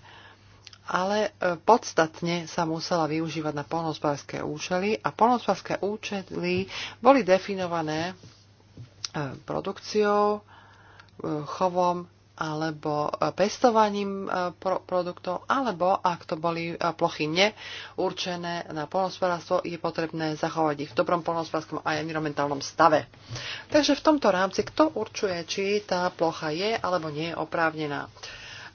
ale e, podstatne sa musela využívať na polnospodárske účely a polnospodárske účely boli definované e, produkciou, e, chovom alebo pestovaním produktov, alebo ak to boli plochy neurčené na polnospodárstvo, je potrebné zachovať ich v dobrom polnospodárskom a environmentálnom stave. Takže v tomto rámci kto určuje, či tá plocha je alebo nie je oprávnená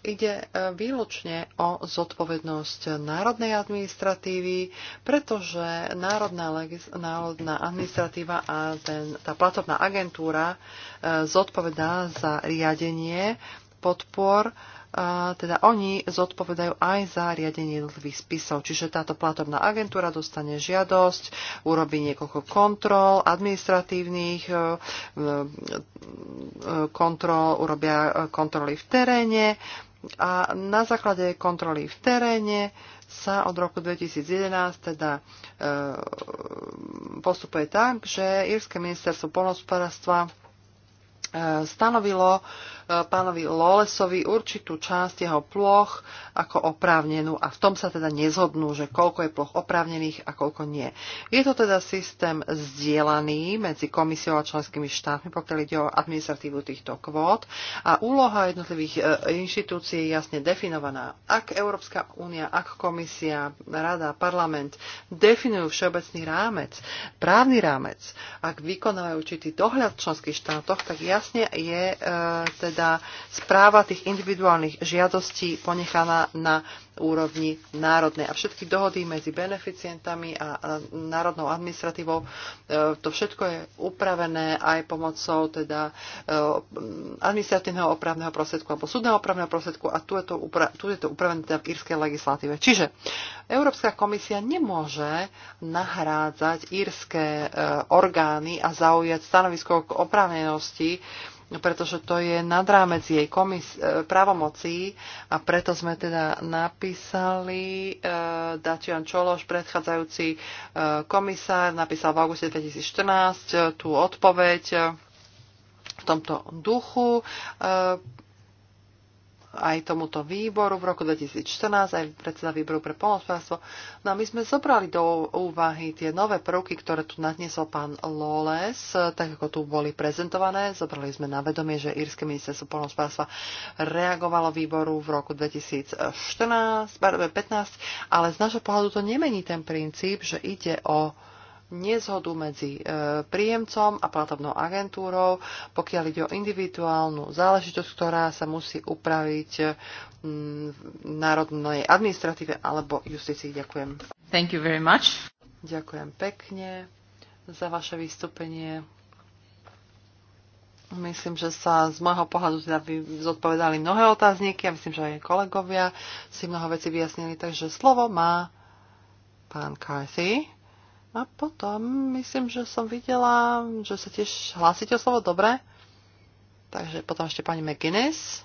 ide e, výlučne o zodpovednosť národnej administratívy, pretože národná, legis- národná administratíva a ten, tá platobná agentúra e, zodpovedá za riadenie podpor, e, teda oni zodpovedajú aj za riadenie jednotlivých spisov. Čiže táto platobná agentúra dostane žiadosť, urobí niekoľko kontrol, administratívnych kontrol, urobia kontroly v teréne, a na základe kontroly v teréne sa od roku 2011 teda e, postupuje tak, že Írske ministerstvo polnospodárstva e, stanovilo pánovi Lolesovi určitú časť jeho ploch ako oprávnenú a v tom sa teda nezhodnú, že koľko je ploch oprávnených a koľko nie. Je to teda systém zdieľaný medzi komisiou a členskými štátmi, pokiaľ ide o administratívu týchto kvót a úloha jednotlivých e, inštitúcií je jasne definovaná. Ak Európska únia, ak komisia, rada, parlament definujú všeobecný rámec, právny rámec, ak vykonávajú určitý dohľad v členských štátoch, tak jasne je e, teda teda správa tých individuálnych žiadostí ponechaná na úrovni národnej. A všetky dohody medzi beneficientami a národnou administratívou, e, to všetko je upravené aj pomocou teda e, administratívneho opravného prostriedku alebo súdneho opravného prostriedku a tu je to, upra- tu je to upravené teda v írskej legislatíve. Čiže Európska komisia nemôže nahrádzať írske e, orgány a zaujať stanovisko k oprávnenosti pretože to je nad rámec jej komis- e, právomocí a preto sme teda napísali, e, Dačian Čološ, predchádzajúci e, komisár, napísal v auguste 2014 e, tú odpoveď e, v tomto duchu. E, aj tomuto výboru v roku 2014, aj predseda výboru pre polnospodárstvo. No a my sme zobrali do úvahy tie nové prvky, ktoré tu nadniesol pán Loles, tak ako tu boli prezentované. Zobrali sme na vedomie, že Írske ministerstvo polnospodárstva reagovalo výboru v roku 2014, 2015, ale z našho pohľadu to nemení ten princíp, že ide o nezhodu medzi e, príjemcom a platobnou agentúrou, pokiaľ ide o individuálnu záležitosť, ktorá sa musí upraviť v národnej administratíve alebo justícii. Ďakujem. Thank you very much. Ďakujem pekne za vaše vystúpenie. Myslím, že sa z môjho pohľadu teda zodpovedali mnohé otázniky a myslím, že aj kolegovia si mnoho vecí vyjasnili. Takže slovo má pán Carthy. A potom, myslím, že som videla, že sa tiež hlásite o slovo dobre. Takže potom ešte pani McGuinness.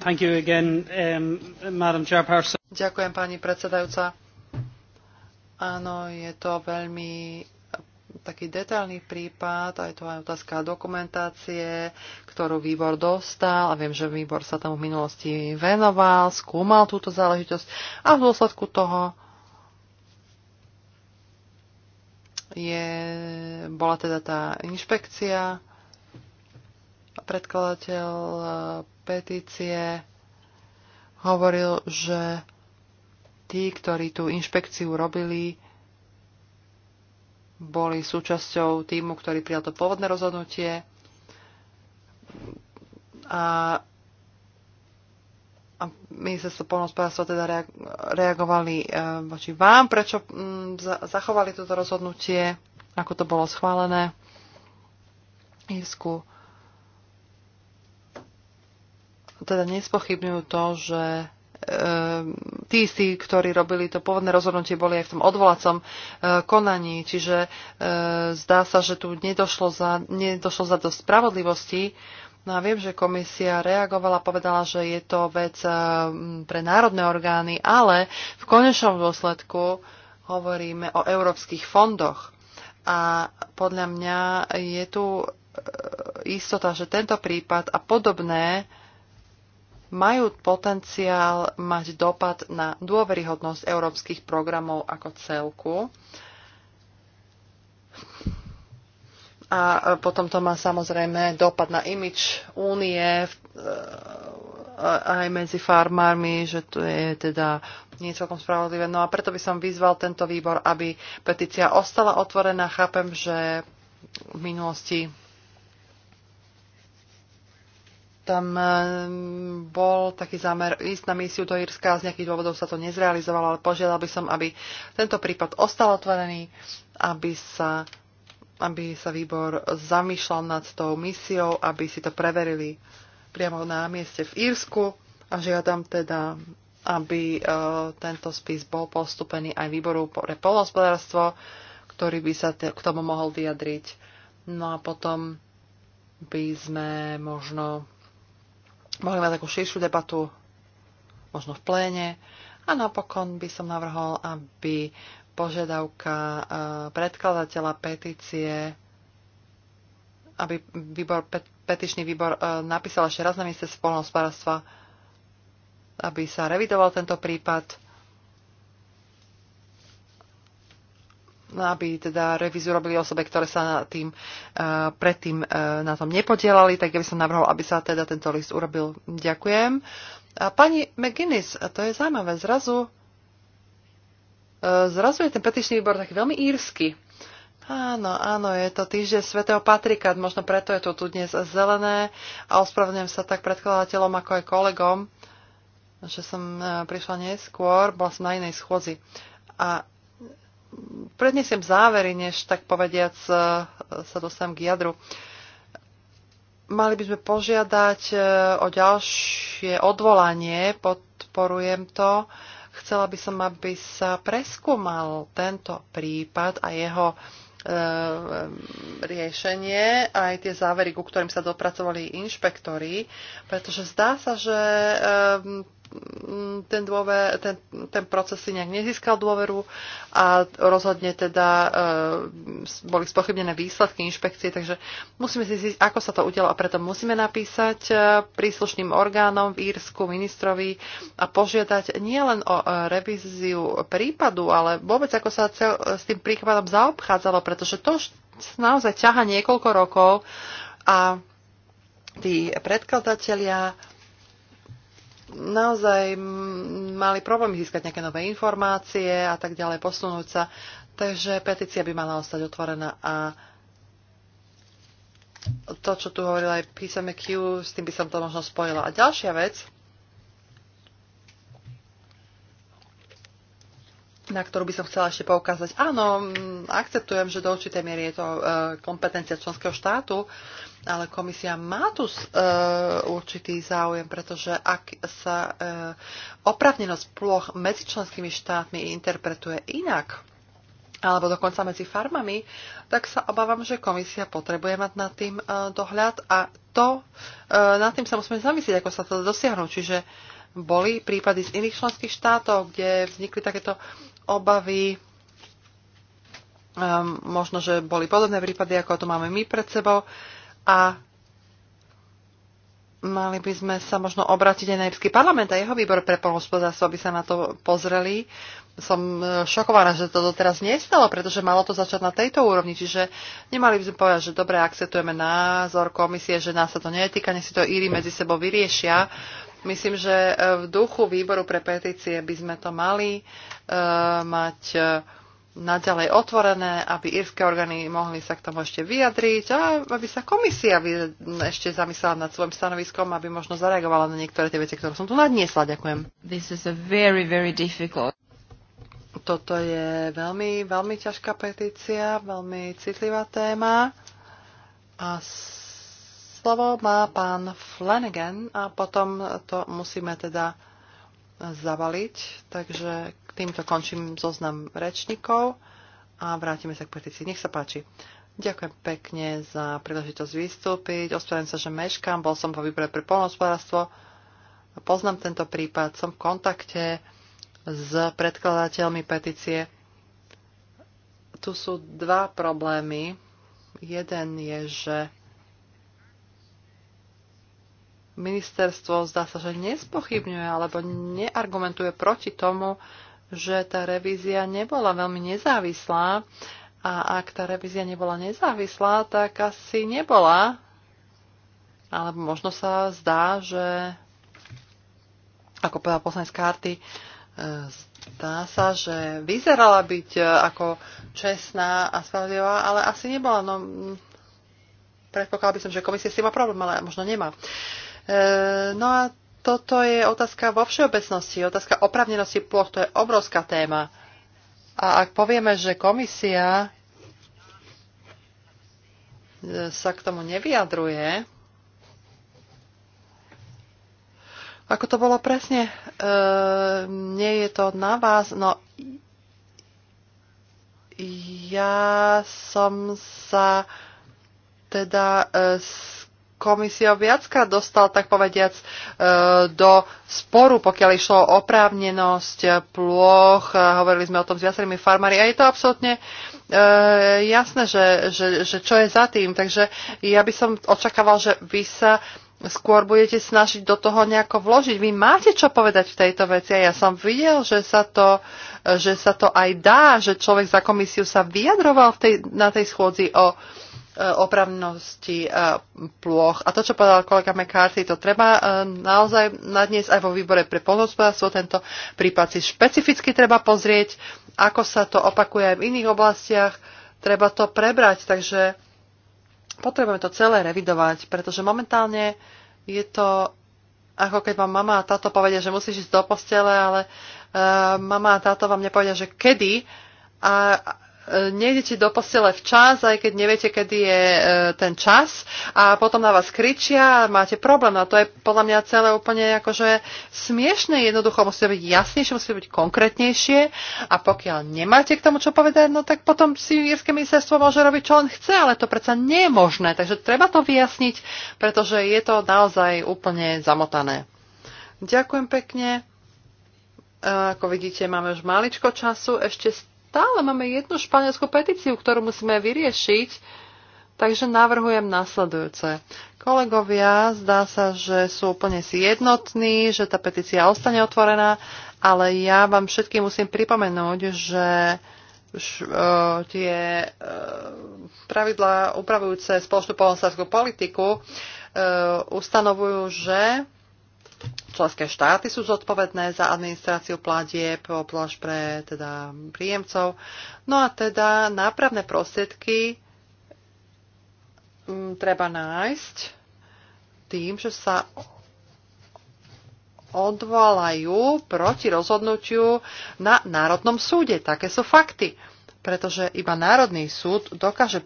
Thank you again, um, Madam Chairperson. Ďakujem, pani predsedajúca. Áno, je to veľmi taký detailný prípad, aj to aj otázka dokumentácie, ktorú výbor dostal a viem, že výbor sa tomu v minulosti venoval, skúmal túto záležitosť a v dôsledku toho je, bola teda tá inšpekcia a predkladateľ petície hovoril, že tí, ktorí tú inšpekciu robili, boli súčasťou týmu, ktorý prijal to pôvodné rozhodnutie. A, a ministerstvo polnospodárstva teda reagovali e, voči vám, prečo m, za, zachovali toto rozhodnutie, ako to bolo schválené v Írsku. Teda nespochybňujú to, že Ehm, tí istí, ktorí robili to pôvodné rozhodnutie, boli aj v tom odvolacom e, konaní. Čiže e, zdá sa, že tu nedošlo za, nedošlo za dosť spravodlivosti. No a viem, že komisia reagovala, povedala, že je to vec e, pre národné orgány, ale v konečnom dôsledku hovoríme o európskych fondoch. A podľa mňa je tu istota, že tento prípad a podobné majú potenciál mať dopad na dôveryhodnosť európskych programov ako celku. A potom to má samozrejme dopad na imič únie e, aj medzi farmármi, že to je teda nie celkom spravodlivé. No a preto by som vyzval tento výbor, aby petícia ostala otvorená. Chápem, že v minulosti tam eh, bol taký zámer ísť na misiu do Írska, z nejakých dôvodov sa to nezrealizovalo, ale požiadal by som, aby tento prípad ostal otvorený, aby sa, aby sa výbor zamýšľal nad tou misiou, aby si to preverili priamo na mieste v Írsku a žiadam teda, aby eh, tento spis bol postupený aj výboru pre polnohospodárstvo, ktorý by sa k tomu mohol vyjadriť. No a potom by sme možno Mohli mať takú širšiu debatu, možno v pléne. A napokon by som navrhol, aby požiadavka eh, predkladateľa petície, aby výbor, pet, petičný výbor eh, napísal ešte raz na mieste spolnohospodárstva, aby sa revidoval tento prípad aby teda revíziu robili osobe, ktoré sa na tým, uh, predtým uh, na tom nepodielali, tak ja by som navrhol, aby sa teda tento list urobil. Ďakujem. A pani McGuinness, to je zaujímavé, zrazu, uh, zrazu je ten petičný výbor taký veľmi írsky. Áno, áno, je to týždeň svätého Patrika, možno preto je to tu dnes zelené a ospravedlňujem sa tak predkladateľom ako aj kolegom, že som prišla neskôr, bola som na inej schôdzi. A prednesiem závery, než tak povediac e, sa dostanem k jadru. Mali by sme požiadať e, o ďalšie odvolanie, podporujem to. Chcela by som, aby sa preskúmal tento prípad a jeho e, riešenie, aj tie závery, ku ktorým sa dopracovali inšpektori, pretože zdá sa, že Mm, ten, dôver, ten, ten proces si nejak nezískal dôveru a rozhodne teda e, boli spochybnené výsledky inšpekcie, takže musíme si zísť, ako sa to udialo a preto musíme napísať eh, príslušným orgánom v Írsku, ministrovi a požiadať nielen o eh, revíziu prípadu, ale vôbec ako sa cel, s tým prípadom zaobchádzalo, pretože to už naozaj ťaha niekoľko rokov a tí predkladatelia naozaj mali problém získať nejaké nové informácie a tak ďalej, posunúť sa. Takže petícia by mala ostať otvorená a to, čo tu hovorila aj písame Q, s tým by som to možno spojila. A ďalšia vec, na ktorú by som chcela ešte poukázať. Áno, akceptujem, že do určitej miery je to e, kompetencia členského štátu, ale komisia má tu uh, určitý záujem, pretože ak sa uh, e, opravnenosť ploch medzi členskými štátmi interpretuje inak, alebo dokonca medzi farmami, tak sa obávam, že komisia potrebuje mať nad tým uh, dohľad a to, uh, nad tým sa musíme zamyslieť, ako sa to dosiahnu. Čiže boli prípady z iných členských štátov, kde vznikli takéto obavy, um, možno, že boli podobné prípady, ako to máme my pred sebou. Uh, a mali by sme sa možno obrátiť aj na Európsky parlament a jeho výbor pre polnospodárstvo, aby sa na to pozreli. Som e, šokovaná, že to doteraz nestalo, pretože malo to začať na tejto úrovni, čiže nemali by sme povedať, že dobre, akceptujeme názor komisie, že nás sa to netýka, nech si to Íry medzi sebou vyriešia. Myslím, že e, v duchu výboru pre petície by sme to mali uh, mať uh, naďalej otvorené, aby írske orgány mohli sa k tomu ešte vyjadriť a aby sa komisia ešte zamyslela nad svojim stanoviskom, aby možno zareagovala na niektoré tie veci, ktoré som tu nadniesla. Ďakujem. This is a very, very difficult. Toto je veľmi, veľmi ťažká petícia, veľmi citlivá téma. A slovo má pán Flanagan a potom to musíme teda zavaliť. Takže týmto končím zoznam rečníkov a vrátime sa k petícii. Nech sa páči. Ďakujem pekne za príležitosť vystúpiť. Ospravedlňujem sa, že meškám. Bol som vo výbore pre polnohospodárstvo. Poznám tento prípad. Som v kontakte s predkladateľmi petície. Tu sú dva problémy. Jeden je, že ministerstvo zdá sa, že nespochybňuje alebo neargumentuje proti tomu, že tá revízia nebola veľmi nezávislá a ak tá revízia nebola nezávislá, tak asi nebola. Alebo možno sa zdá, že ako povedal poslanec Karty, e, zdá sa, že vyzerala byť e, ako čestná a spravodlivá, ale asi nebola. No, predpokladal by som, že komisia s tým má problém, ale možno nemá. E, no a toto je otázka vo všeobecnosti, otázka opravnenosti ploch, to je obrovská téma. A ak povieme, že komisia e, sa k tomu nevyjadruje, ako to bolo presne, e, nie je to na vás, no ja som sa teda e, komisiou viackrát dostal, tak povediac, e, do sporu, pokiaľ išlo o oprávnenosť ploch. E, hovorili sme o tom s viacerými farmári a je to absolútne e, jasné, že, že, že čo je za tým. Takže ja by som očakával, že vy sa skôr budete snažiť do toho nejako vložiť. Vy máte čo povedať v tejto veci a ja som videl, že sa to, že sa to aj dá, že človek za komisiu sa vyjadroval v tej, na tej schôdzi o opravnosti e, plôch. A to, čo povedal kolega McCarthy, to treba e, naozaj nadnes aj vo výbore pre polnohospodárstvo. Tento prípad si špecificky treba pozrieť, ako sa to opakuje aj v iných oblastiach. Treba to prebrať, takže potrebujeme to celé revidovať, pretože momentálne je to ako keď vám mama a táto povedia, že musíš ísť do postele, ale uh, mama a táto vám nepovedia, že kedy. A nejdete do postele včas, aj keď neviete, kedy je e, ten čas a potom na vás kričia a máte problém. A to je podľa mňa celé úplne akože smiešne. Jednoducho musíte byť jasnejšie, musíte byť konkrétnejšie a pokiaľ nemáte k tomu čo povedať, no tak potom si írske ministerstvo môže robiť, čo on chce, ale to predsa nie je možné. Takže treba to vyjasniť, pretože je to naozaj úplne zamotané. Ďakujem pekne. E, ako vidíte, máme už maličko času. Ešte stále máme jednu španielskú petíciu, ktorú musíme vyriešiť. Takže navrhujem nasledujúce. Kolegovia, zdá sa, že sú úplne si jednotní, že tá petícia ostane otvorená, ale ja vám všetkým musím pripomenúť, že tie pravidlá upravujúce spoločnú polnospodárskú politiku ustanovujú, že členské štáty sú zodpovedné za administráciu platieb, obzvlášť pre teda príjemcov. No a teda nápravné prostriedky mm, treba nájsť tým, že sa odvolajú proti rozhodnutiu na Národnom súde. Také sú fakty. Pretože iba Národný súd dokáže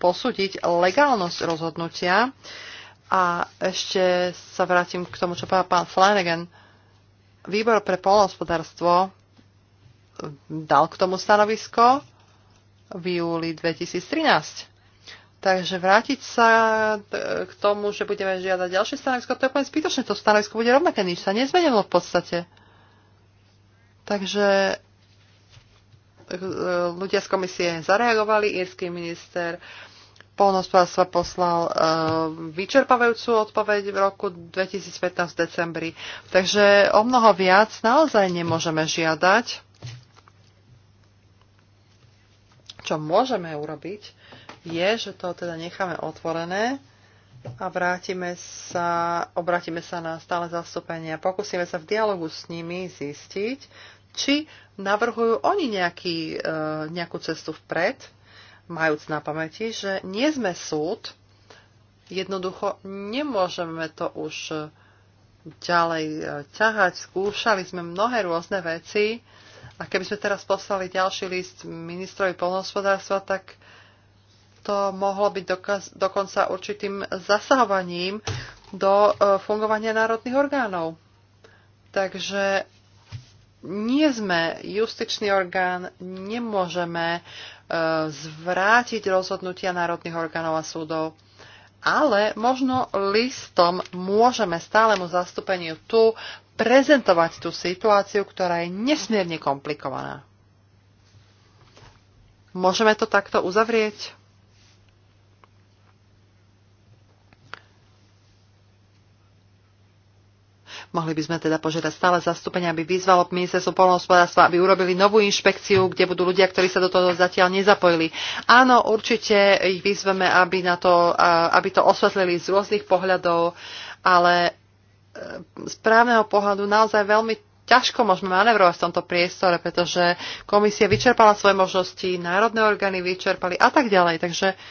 posúdiť legálnosť rozhodnutia a ešte sa vrátim k tomu, čo povedal pán Flanagan. Výbor pre polnohospodárstvo eh, dal k tomu stanovisko v júli 2013. Takže vrátiť sa eh, k tomu, že budeme žiadať ďalšie stanovisko, to je úplne zbytočné. To stanovisko bude rovnaké, nič sa nezmenilo v podstate. Takže eh, ľudia z komisie zareagovali, írsky minister uh, polnospodárstva poslal uh, vyčerpávajúcu odpoveď v roku 2015 v decembri. Takže o mnoho viac naozaj nemôžeme žiadať. Čo môžeme urobiť, je, že to teda necháme otvorené a vrátime sa, obrátime sa na stále zastúpenie a pokúsime sa v dialogu s nimi zistiť, či navrhujú oni nejaký, uh, nejakú cestu vpred, majúc na pamäti, že nie sme súd, jednoducho nemôžeme to už ďalej e, ťahať. Skúšali sme mnohé rôzne veci a keby sme teraz poslali ďalší list ministrovi polnohospodárstva, tak to mohlo byť dokaz, dokonca určitým zasahovaním do e, fungovania národných orgánov. Takže nie sme justičný orgán, nemôžeme E, zvrátiť rozhodnutia národných orgánov a súdov. Ale možno listom môžeme stálemu zastúpeniu tu prezentovať tú situáciu, ktorá je nesmierne komplikovaná. Môžeme to takto uzavrieť? Mohli by sme teda požiadať stále zastúpenia, aby vyzvalo ministerstvo polnohospodárstva, aby urobili novú inšpekciu, kde budú ľudia, ktorí sa do toho zatiaľ nezapojili. Áno, určite ich vyzveme, aby, na to, aby to osvetlili z rôznych pohľadov, ale e, z právneho pohľadu naozaj veľmi ťažko môžeme manevrovať v tomto priestore, pretože komisia vyčerpala svoje možnosti, národné orgány vyčerpali a tak ďalej. Takže uh,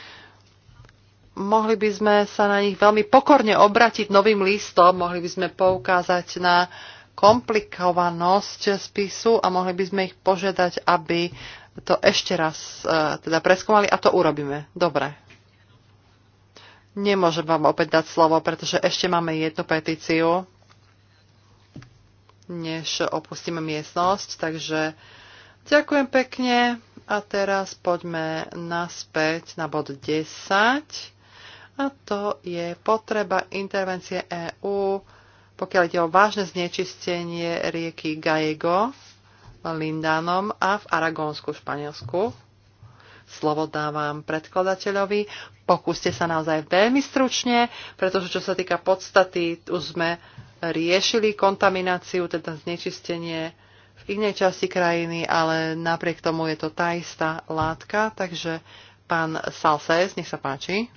mohli by sme sa na nich veľmi pokorne obratiť novým listom, mohli by sme poukázať na komplikovanosť spisu a mohli by sme ich požiadať, aby to ešte raz e, teda preskúmali a to urobíme. Dobre. Nemôžem vám opäť dať slovo, pretože ešte máme jednu petíciu, než opustíme miestnosť, takže ďakujem pekne. A teraz poďme naspäť na bod 10 a to je potreba intervencie EÚ, pokiaľ ide o vážne znečistenie rieky Gallego, Lindanom a v Aragónsku, Španielsku. Slovo dávam predkladateľovi. Pokúste sa naozaj veľmi stručne, pretože čo sa týka podstaty, tu sme riešili kontamináciu, teda znečistenie v inej časti krajiny, ale napriek tomu je to tá istá látka, takže pán Salses, nech sa páči.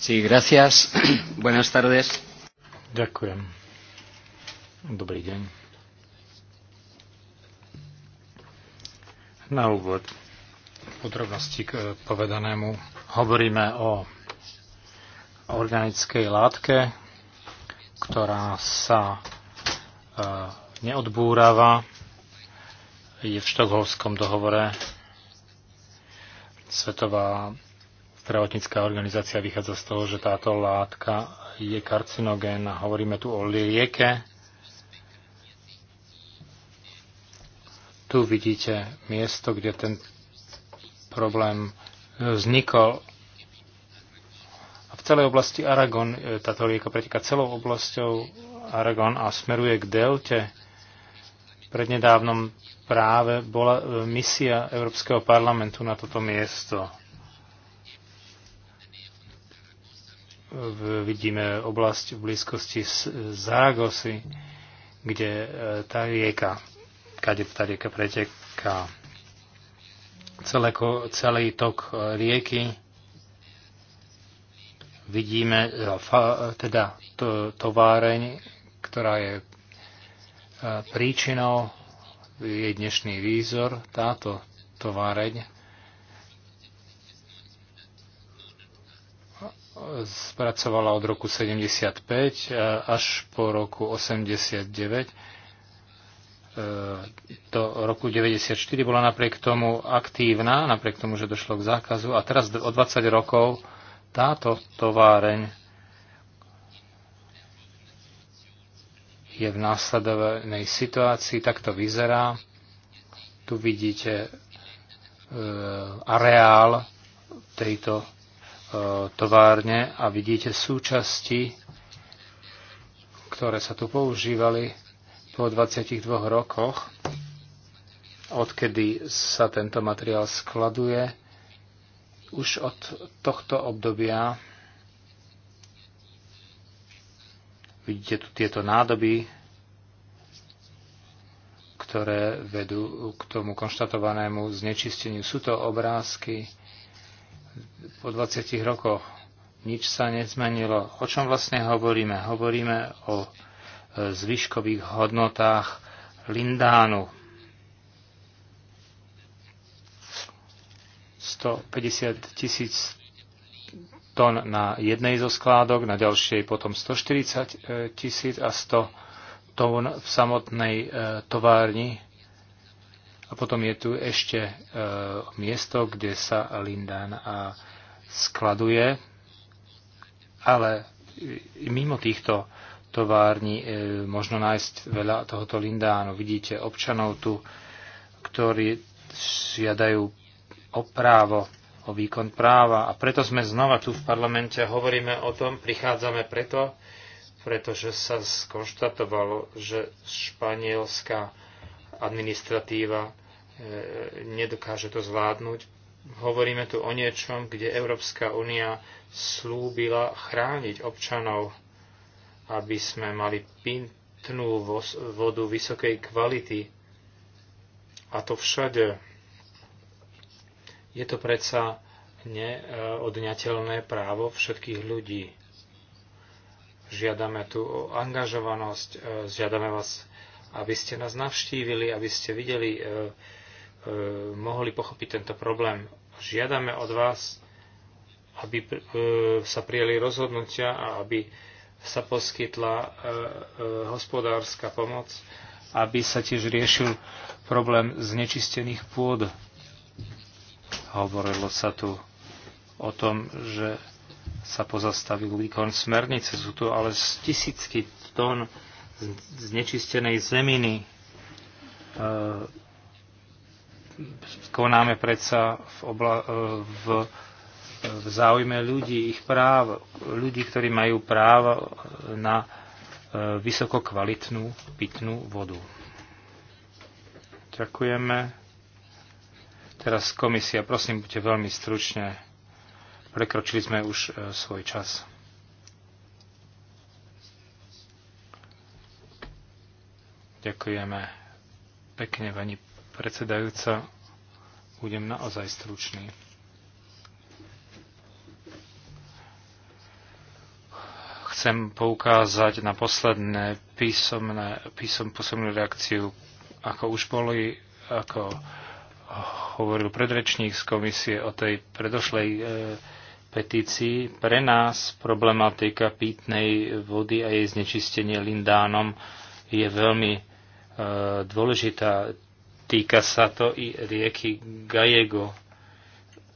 Ďakujem. Dobrý deň. Na úvod podrobnosti k e, povedanému hovoríme o organickej látke, ktorá sa e, neodbúrava, je v štokholmskom dohovore Svetová zdravotnícká organizácia vychádza z toho, že táto látka je karcinogén a Hovoríme tu o lieke. Tu vidíte miesto, kde ten problém e, vznikol. A v celej oblasti Aragon, e, táto lieka preteká celou oblasťou Aragon a smeruje k delte. Prednedávnom práve bola e, misia Európskeho parlamentu na toto miesto vidíme oblasť v blízkosti Zaragosy, kde e, tá rieka, kade tá rieka preteká. celý tok e, rieky vidíme e, teda to, továreň, ktorá je príčinou je dnešný výzor. Táto továreň spracovala od roku 75 e, až po roku 89 e, do roku 94 bola napriek tomu aktívna, napriek tomu, že došlo k zákazu a teraz o 20 rokov táto továreň je v následovanej situácii, tak to vyzerá. Tu vidíte e, areál tejto továrne a vidíte súčasti, ktoré sa tu používali po 22 rokoch, odkedy sa tento materiál skladuje. Už od tohto obdobia vidíte tu tieto nádoby, ktoré vedú k tomu konštatovanému znečisteniu. Sú to obrázky, po 20 rokoch. Nič sa nezmenilo. O čom vlastne hovoríme? Hovoríme o e, zvyškových hodnotách Lindánu. 150 tisíc tón na jednej zo skládok, na ďalšej potom 140 e, tisíc a 100 tón v samotnej e, továrni. A potom je tu ešte miesto, kde sa Lindán a skladuje, ale mimo týchto továrni e, možno nájsť veľa tohoto lindánu. Vidíte občanov tu, ktorí žiadajú o právo, o výkon práva. A preto sme znova tu v parlamente, hovoríme o tom, prichádzame preto, pretože sa skonštatovalo, že španielská administratíva e, nedokáže to zvládnuť hovoríme tu o niečom, kde Európska únia slúbila chrániť občanov, aby sme mali pintnú vodu vysokej kvality. A to všade. Je to predsa neodňateľné právo všetkých ľudí. Žiadame tu o angažovanosť, e, žiadame vás, aby ste nás navštívili, aby ste videli, e, Eh, mohli pochopiť tento problém. Žiadame od vás, aby eh, sa prijali rozhodnutia a aby sa poskytla eh, hospodárska pomoc, aby sa tiež riešil problém znečistených pôd. Hovorilo sa tu o tom, že sa pozastavil výkon smernice. Sú tu ale tisícky tón znečistenej zeminy. E konáme predsa v, obla, e, v, v záujme ľudí, ich práv, ľudí, ktorí majú právo na e, vysoko kvalitnú pitnú vodu. Ďakujeme. Teraz komisia, prosím, buďte veľmi stručne. Prekročili sme už e, svoj čas. Ďakujeme pekne, pani predsedajúca, budem naozaj stručný. Chcem poukázať na posledné písomné, písom, posomnú reakciu, ako už boli, ako hovoril predrečník z komisie o tej predošlej e, petícii. Pre nás problematika pitnej vody a jej znečistenie lindánom je veľmi e, dôležitá Týka sa to i rieky Gallego.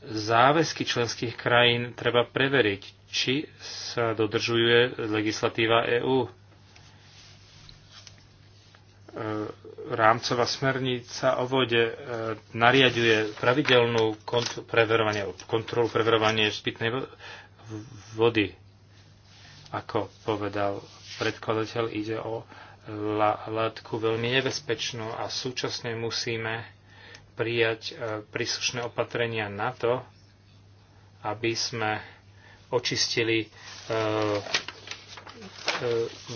Záväzky členských krajín treba preveriť, či sa dodržuje legislatíva EÚ. E, rámcová smernica o vode e, nariaduje pravidelnú kontrolu preverovania, kontrolu preverovanie špitnej vody. Ako povedal predkladateľ, ide o látku veľmi nebezpečnú a súčasne musíme prijať e, príslušné opatrenia na to, aby sme očistili e, e,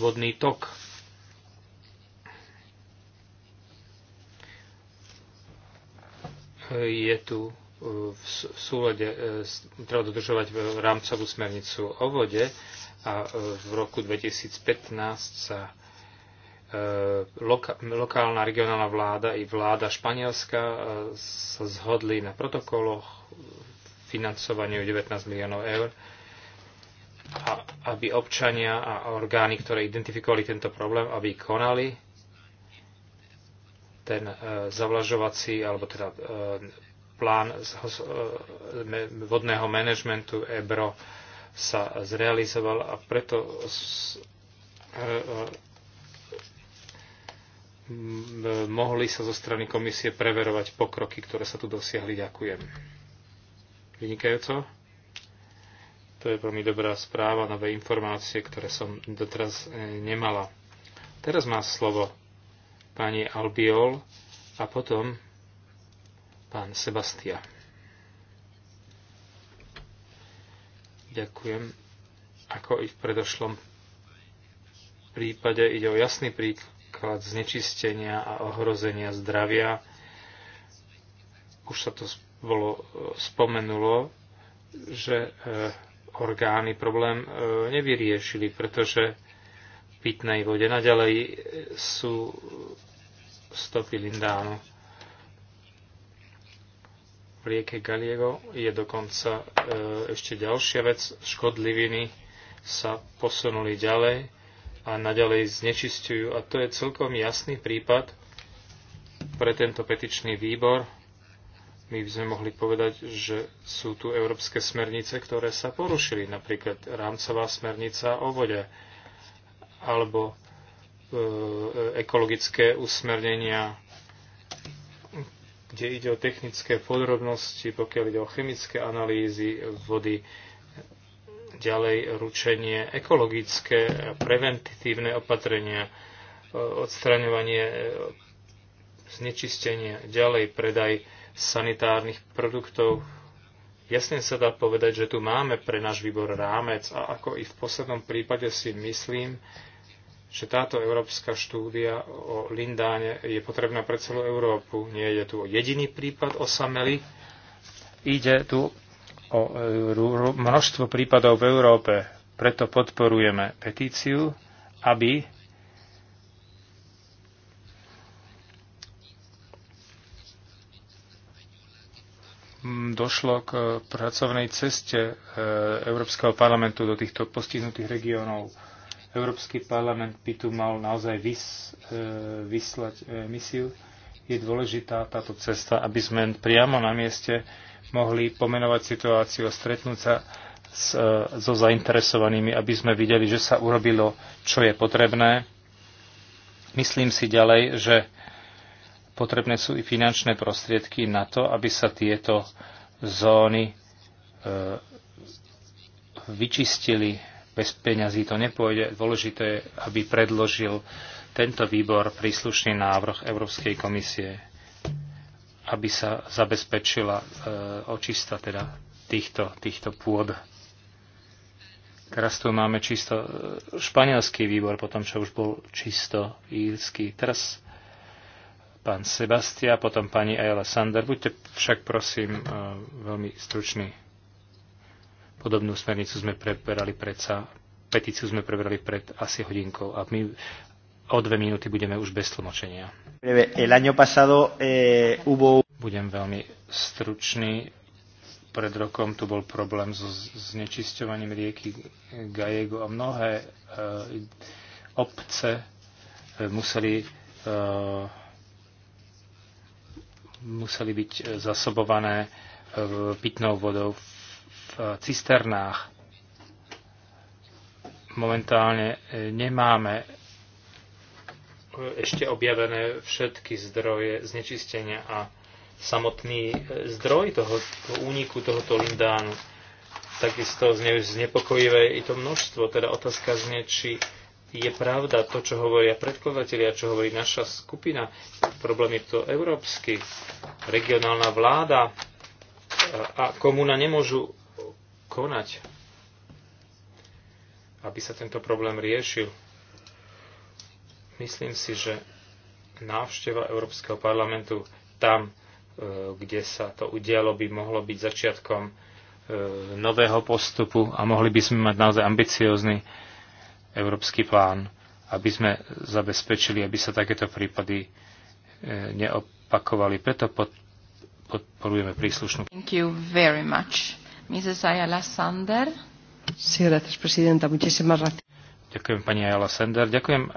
vodný tok. Je tu v súlade, treba dodržovať rámcovú smernicu o vode a v roku 2015 sa E, loka, lokálna regionálna vláda i vláda Španielska e, sa zhodli na protokoloch financovaniu 19 miliónov eur, a aby občania a orgány, ktoré identifikovali tento problém, aby konali ten e, zavlažovací alebo teda e, plán z, e, vodného manažmentu EBRO sa zrealizoval a preto s, e, e, mohli sa zo strany komisie preverovať pokroky, ktoré sa tu dosiahli. Ďakujem. Vynikajúco. To je veľmi dobrá správa, nové informácie, ktoré som doteraz e, nemala. Teraz má slovo pani Albiol a potom pán Sebastia. Ďakujem. Ako i v predošlom prípade ide o jasný príklad napríklad znečistenia a ohrozenia zdravia. Už sa to bolo e, spomenulo, že e, orgány problém e, nevyriešili, pretože v pitnej vode naďalej sú stopy lindánu. V rieke Galiego je dokonca ešte ďalšia vec. Škodliviny sa posunuli ďalej a naďalej znečisťujú. A to je celkom jasný prípad pre tento petičný výbor. My by sme mohli povedať, že sú tu európske smernice, ktoré sa porušili, napríklad rámcová smernica o vode alebo e, ekologické usmernenia, kde ide o technické podrobnosti, pokiaľ ide o chemické analýzy vody, ďalej ručenie, ekologické, preventitívne opatrenia, e, odstraňovanie e, znečistenia, ďalej predaj sanitárnych produktov. Jasne sa dá povedať, že tu máme pre náš výbor rámec a ako i v poslednom prípade si myslím, že táto európska štúdia o Lindáne je potrebná pre celú Európu. Nie je tu jediný prípad osamely. Ide tu o e, množstvo prípadov v Európe. Preto podporujeme petíciu, aby došlo k pracovnej ceste e, Európskeho parlamentu do týchto postihnutých regiónov. Európsky parlament by tu mal naozaj vys, e, vyslať misiu. Je dôležitá táto cesta, aby sme priamo na mieste mohli pomenovať situáciu a stretnúť sa s, e, so zainteresovanými, aby sme videli, že sa urobilo, čo je potrebné. Myslím si ďalej, že potrebné sú i finančné prostriedky na to, aby sa tieto zóny e, vyčistili. Bez peňazí to nepôjde. Dôležité je, aby predložil tento výbor príslušný návrh Európskej komisie aby sa zabezpečila e, očista teda týchto, týchto pôd. Teraz tu máme čisto e, španielský výbor, potom čo už bol čisto írsky. Teraz pán Sebastia, potom pani Ayala Sander. Buďte však prosím e, veľmi stručný. Podobnú smernicu sme preberali predsa, petíciu sme preberali pred asi hodinkou a my O dve minúty budeme už bez tlmočenia. Eh, Budem veľmi stručný. Pred rokom tu bol problém so znečisťovaním rieky Gajego a mnohé eh, obce eh, museli museli byť zasobované pitnou vodou v cisternách. Momentálne nemáme ešte objavené všetky zdroje znečistenia a samotný e, zdroj toho, toho úniku tohoto lindánu. Takisto znepokojivé je to množstvo, teda otázka znie, či je pravda to, čo hovoria predkladatelia, čo hovorí naša skupina. Problém je to európsky. Regionálna vláda e, a komuna nemôžu konať, aby sa tento problém riešil Myslím si, že návšteva Európskeho parlamentu tam, e, kde sa to udialo, by mohlo byť začiatkom e, nového postupu a mohli by sme mať naozaj ambiciózny európsky plán, aby sme zabezpečili, aby sa takéto prípady e, neopakovali. Preto pod, podporujeme príslušnú. Thank you very much. Mrs. Ayala Sander. Sí, gracias, presidenta. Muchísimas gracias. Ďakujem pani Ayala Sander. Ďakujem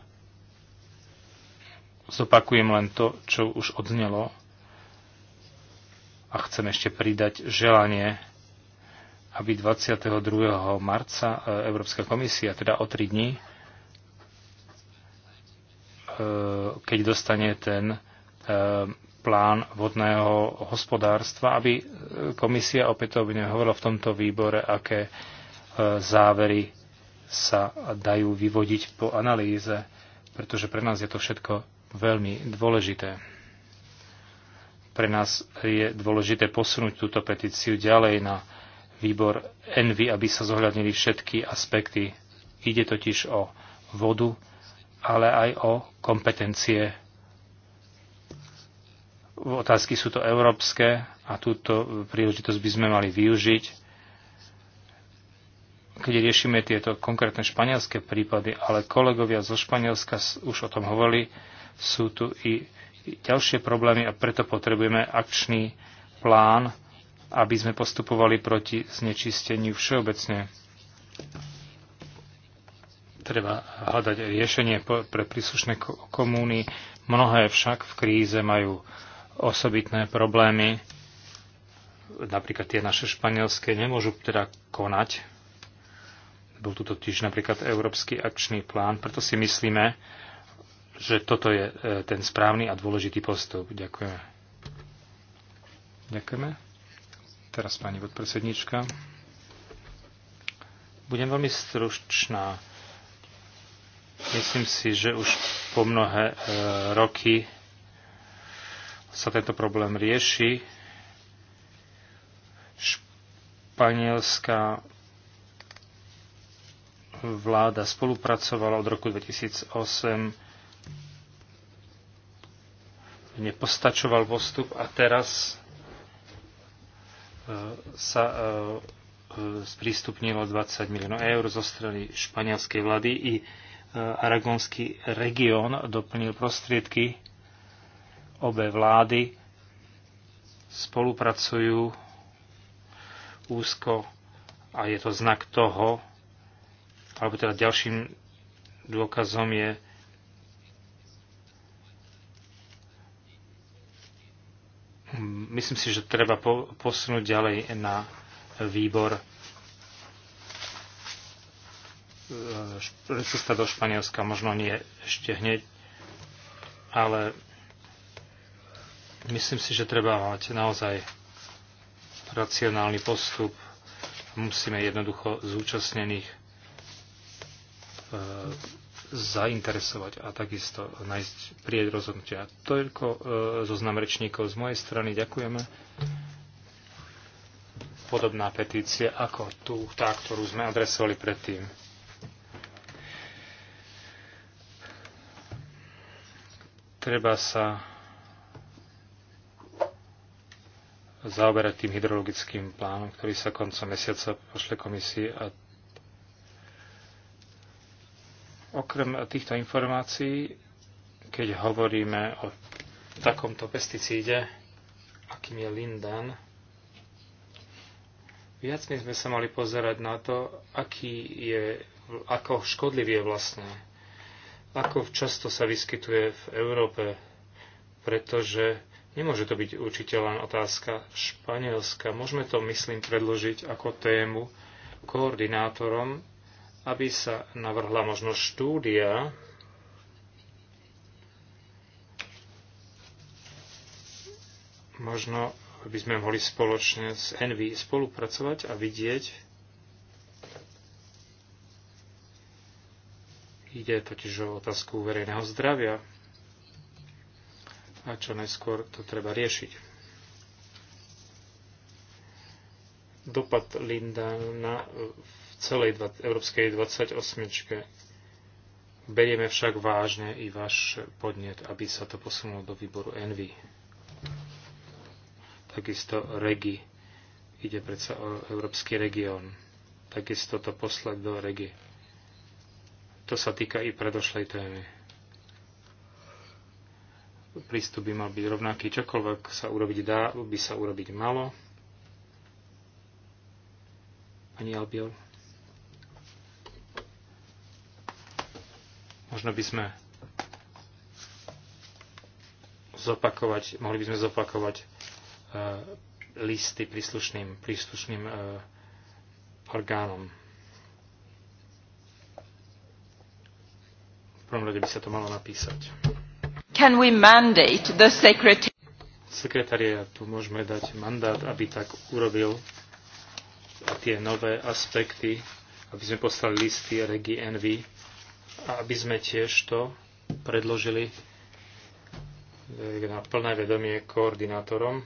Zopakujem len to, čo už odznelo a chcem ešte pridať želanie, aby 22. marca e, Európska komisia, teda o 3 dní, e, keď dostane ten e, plán vodného hospodárstva, aby komisia opätovne hovorila v tomto výbore, aké závery sa dajú vyvodiť po analýze, pretože pre nás je to všetko veľmi dôležité. Pre nás je dôležité posunúť túto petíciu ďalej na výbor Envy, aby sa zohľadnili všetky aspekty. Ide totiž o vodu, ale aj o kompetencie. Otázky sú to európske a túto príležitosť by sme mali využiť keď riešime tieto konkrétne španielské prípady, ale kolegovia zo Španielska už o tom hovorili, sú tu i ďalšie problémy a preto potrebujeme akčný plán, aby sme postupovali proti znečisteniu všeobecne. Treba hľadať riešenie pre príslušné komúny. Mnohé však v kríze majú osobitné problémy. Napríklad tie naše španielské nemôžu teda konať. Bol tu totiž napríklad Európsky akčný plán, preto si myslíme, že toto je e, ten správny a dôležitý postup. Ďakujeme. Ďakujeme. Teraz pani podpredsednička. Budem veľmi stručná. Myslím si, že už po mnohé e, roky sa tento problém rieši. Španielská vláda spolupracovala od roku 2008 nepostačoval postup a teraz e, sa e, e, sprístupnilo 20 miliónov eur zo strany španielskej vlády i aragonský región doplnil prostriedky. Obe vlády spolupracujú úzko a je to znak toho, alebo teda ďalším dôkazom je, Mm, myslím si, že treba po, posunúť ďalej na výbor e, cesta do Španielska, možno nie ešte hneď, ale myslím si, že treba mať naozaj racionálny postup. Musíme jednoducho zúčastnených e, zainteresovať a takisto nájsť prieť rozhodnutia. Toľko e, zoznam rečníkov z mojej strany. Ďakujeme. Podobná petícia ako tú, tá, ktorú sme adresovali predtým. Treba sa zaoberať tým hydrologickým plánom, ktorý sa koncom mesiaca pošle komisii a Okrem týchto informácií, keď hovoríme o takomto pesticíde, akým je Lindan, viac my sme sa mali pozerať na to, aký je, ako škodlivý je vlastne, ako často sa vyskytuje v Európe, pretože nemôže to byť určite len otázka Španielska. Môžeme to, myslím, predložiť ako tému koordinátorom aby sa navrhla možno štúdia, možno aby sme mohli spoločne s Envy spolupracovať a vidieť. Ide totiž o otázku verejného zdravia a čo najskôr to treba riešiť. Dopad Linda na celej európskej 28. -čke. Berieme však vážne i váš podnet, aby sa to posunulo do výboru Envy. Takisto Regi. Ide predsa o európsky región. Takisto to posled do Regi. To sa týka i predošlej témy. Prístup by mal byť rovnaký. Čokoľvek sa urobiť dá, by sa urobiť malo. Pani Albiol. Možno by sme zopakovať, mohli by sme zopakovať e, listy príslušným, príslušným e, orgánom. V prvom rade by sa to malo napísať. Can we mandate the secretary? Sekretariatu môžeme dať mandát, aby tak urobil tie nové aspekty, aby sme poslali listy Regi Envy a aby sme tiež to predložili eh, na plné vedomie koordinátorom,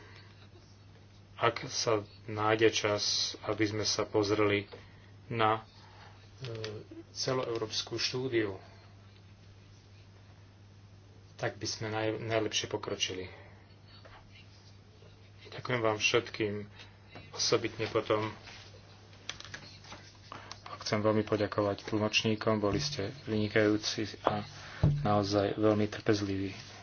ak sa nájde čas, aby sme sa pozreli na eh, celoeurópsku štúdiu, tak by sme naj, najlepšie pokročili. Ďakujem vám všetkým, osobitne potom chcem veľmi poďakovať tlmočníkom, boli ste vynikajúci a naozaj veľmi trpezliví.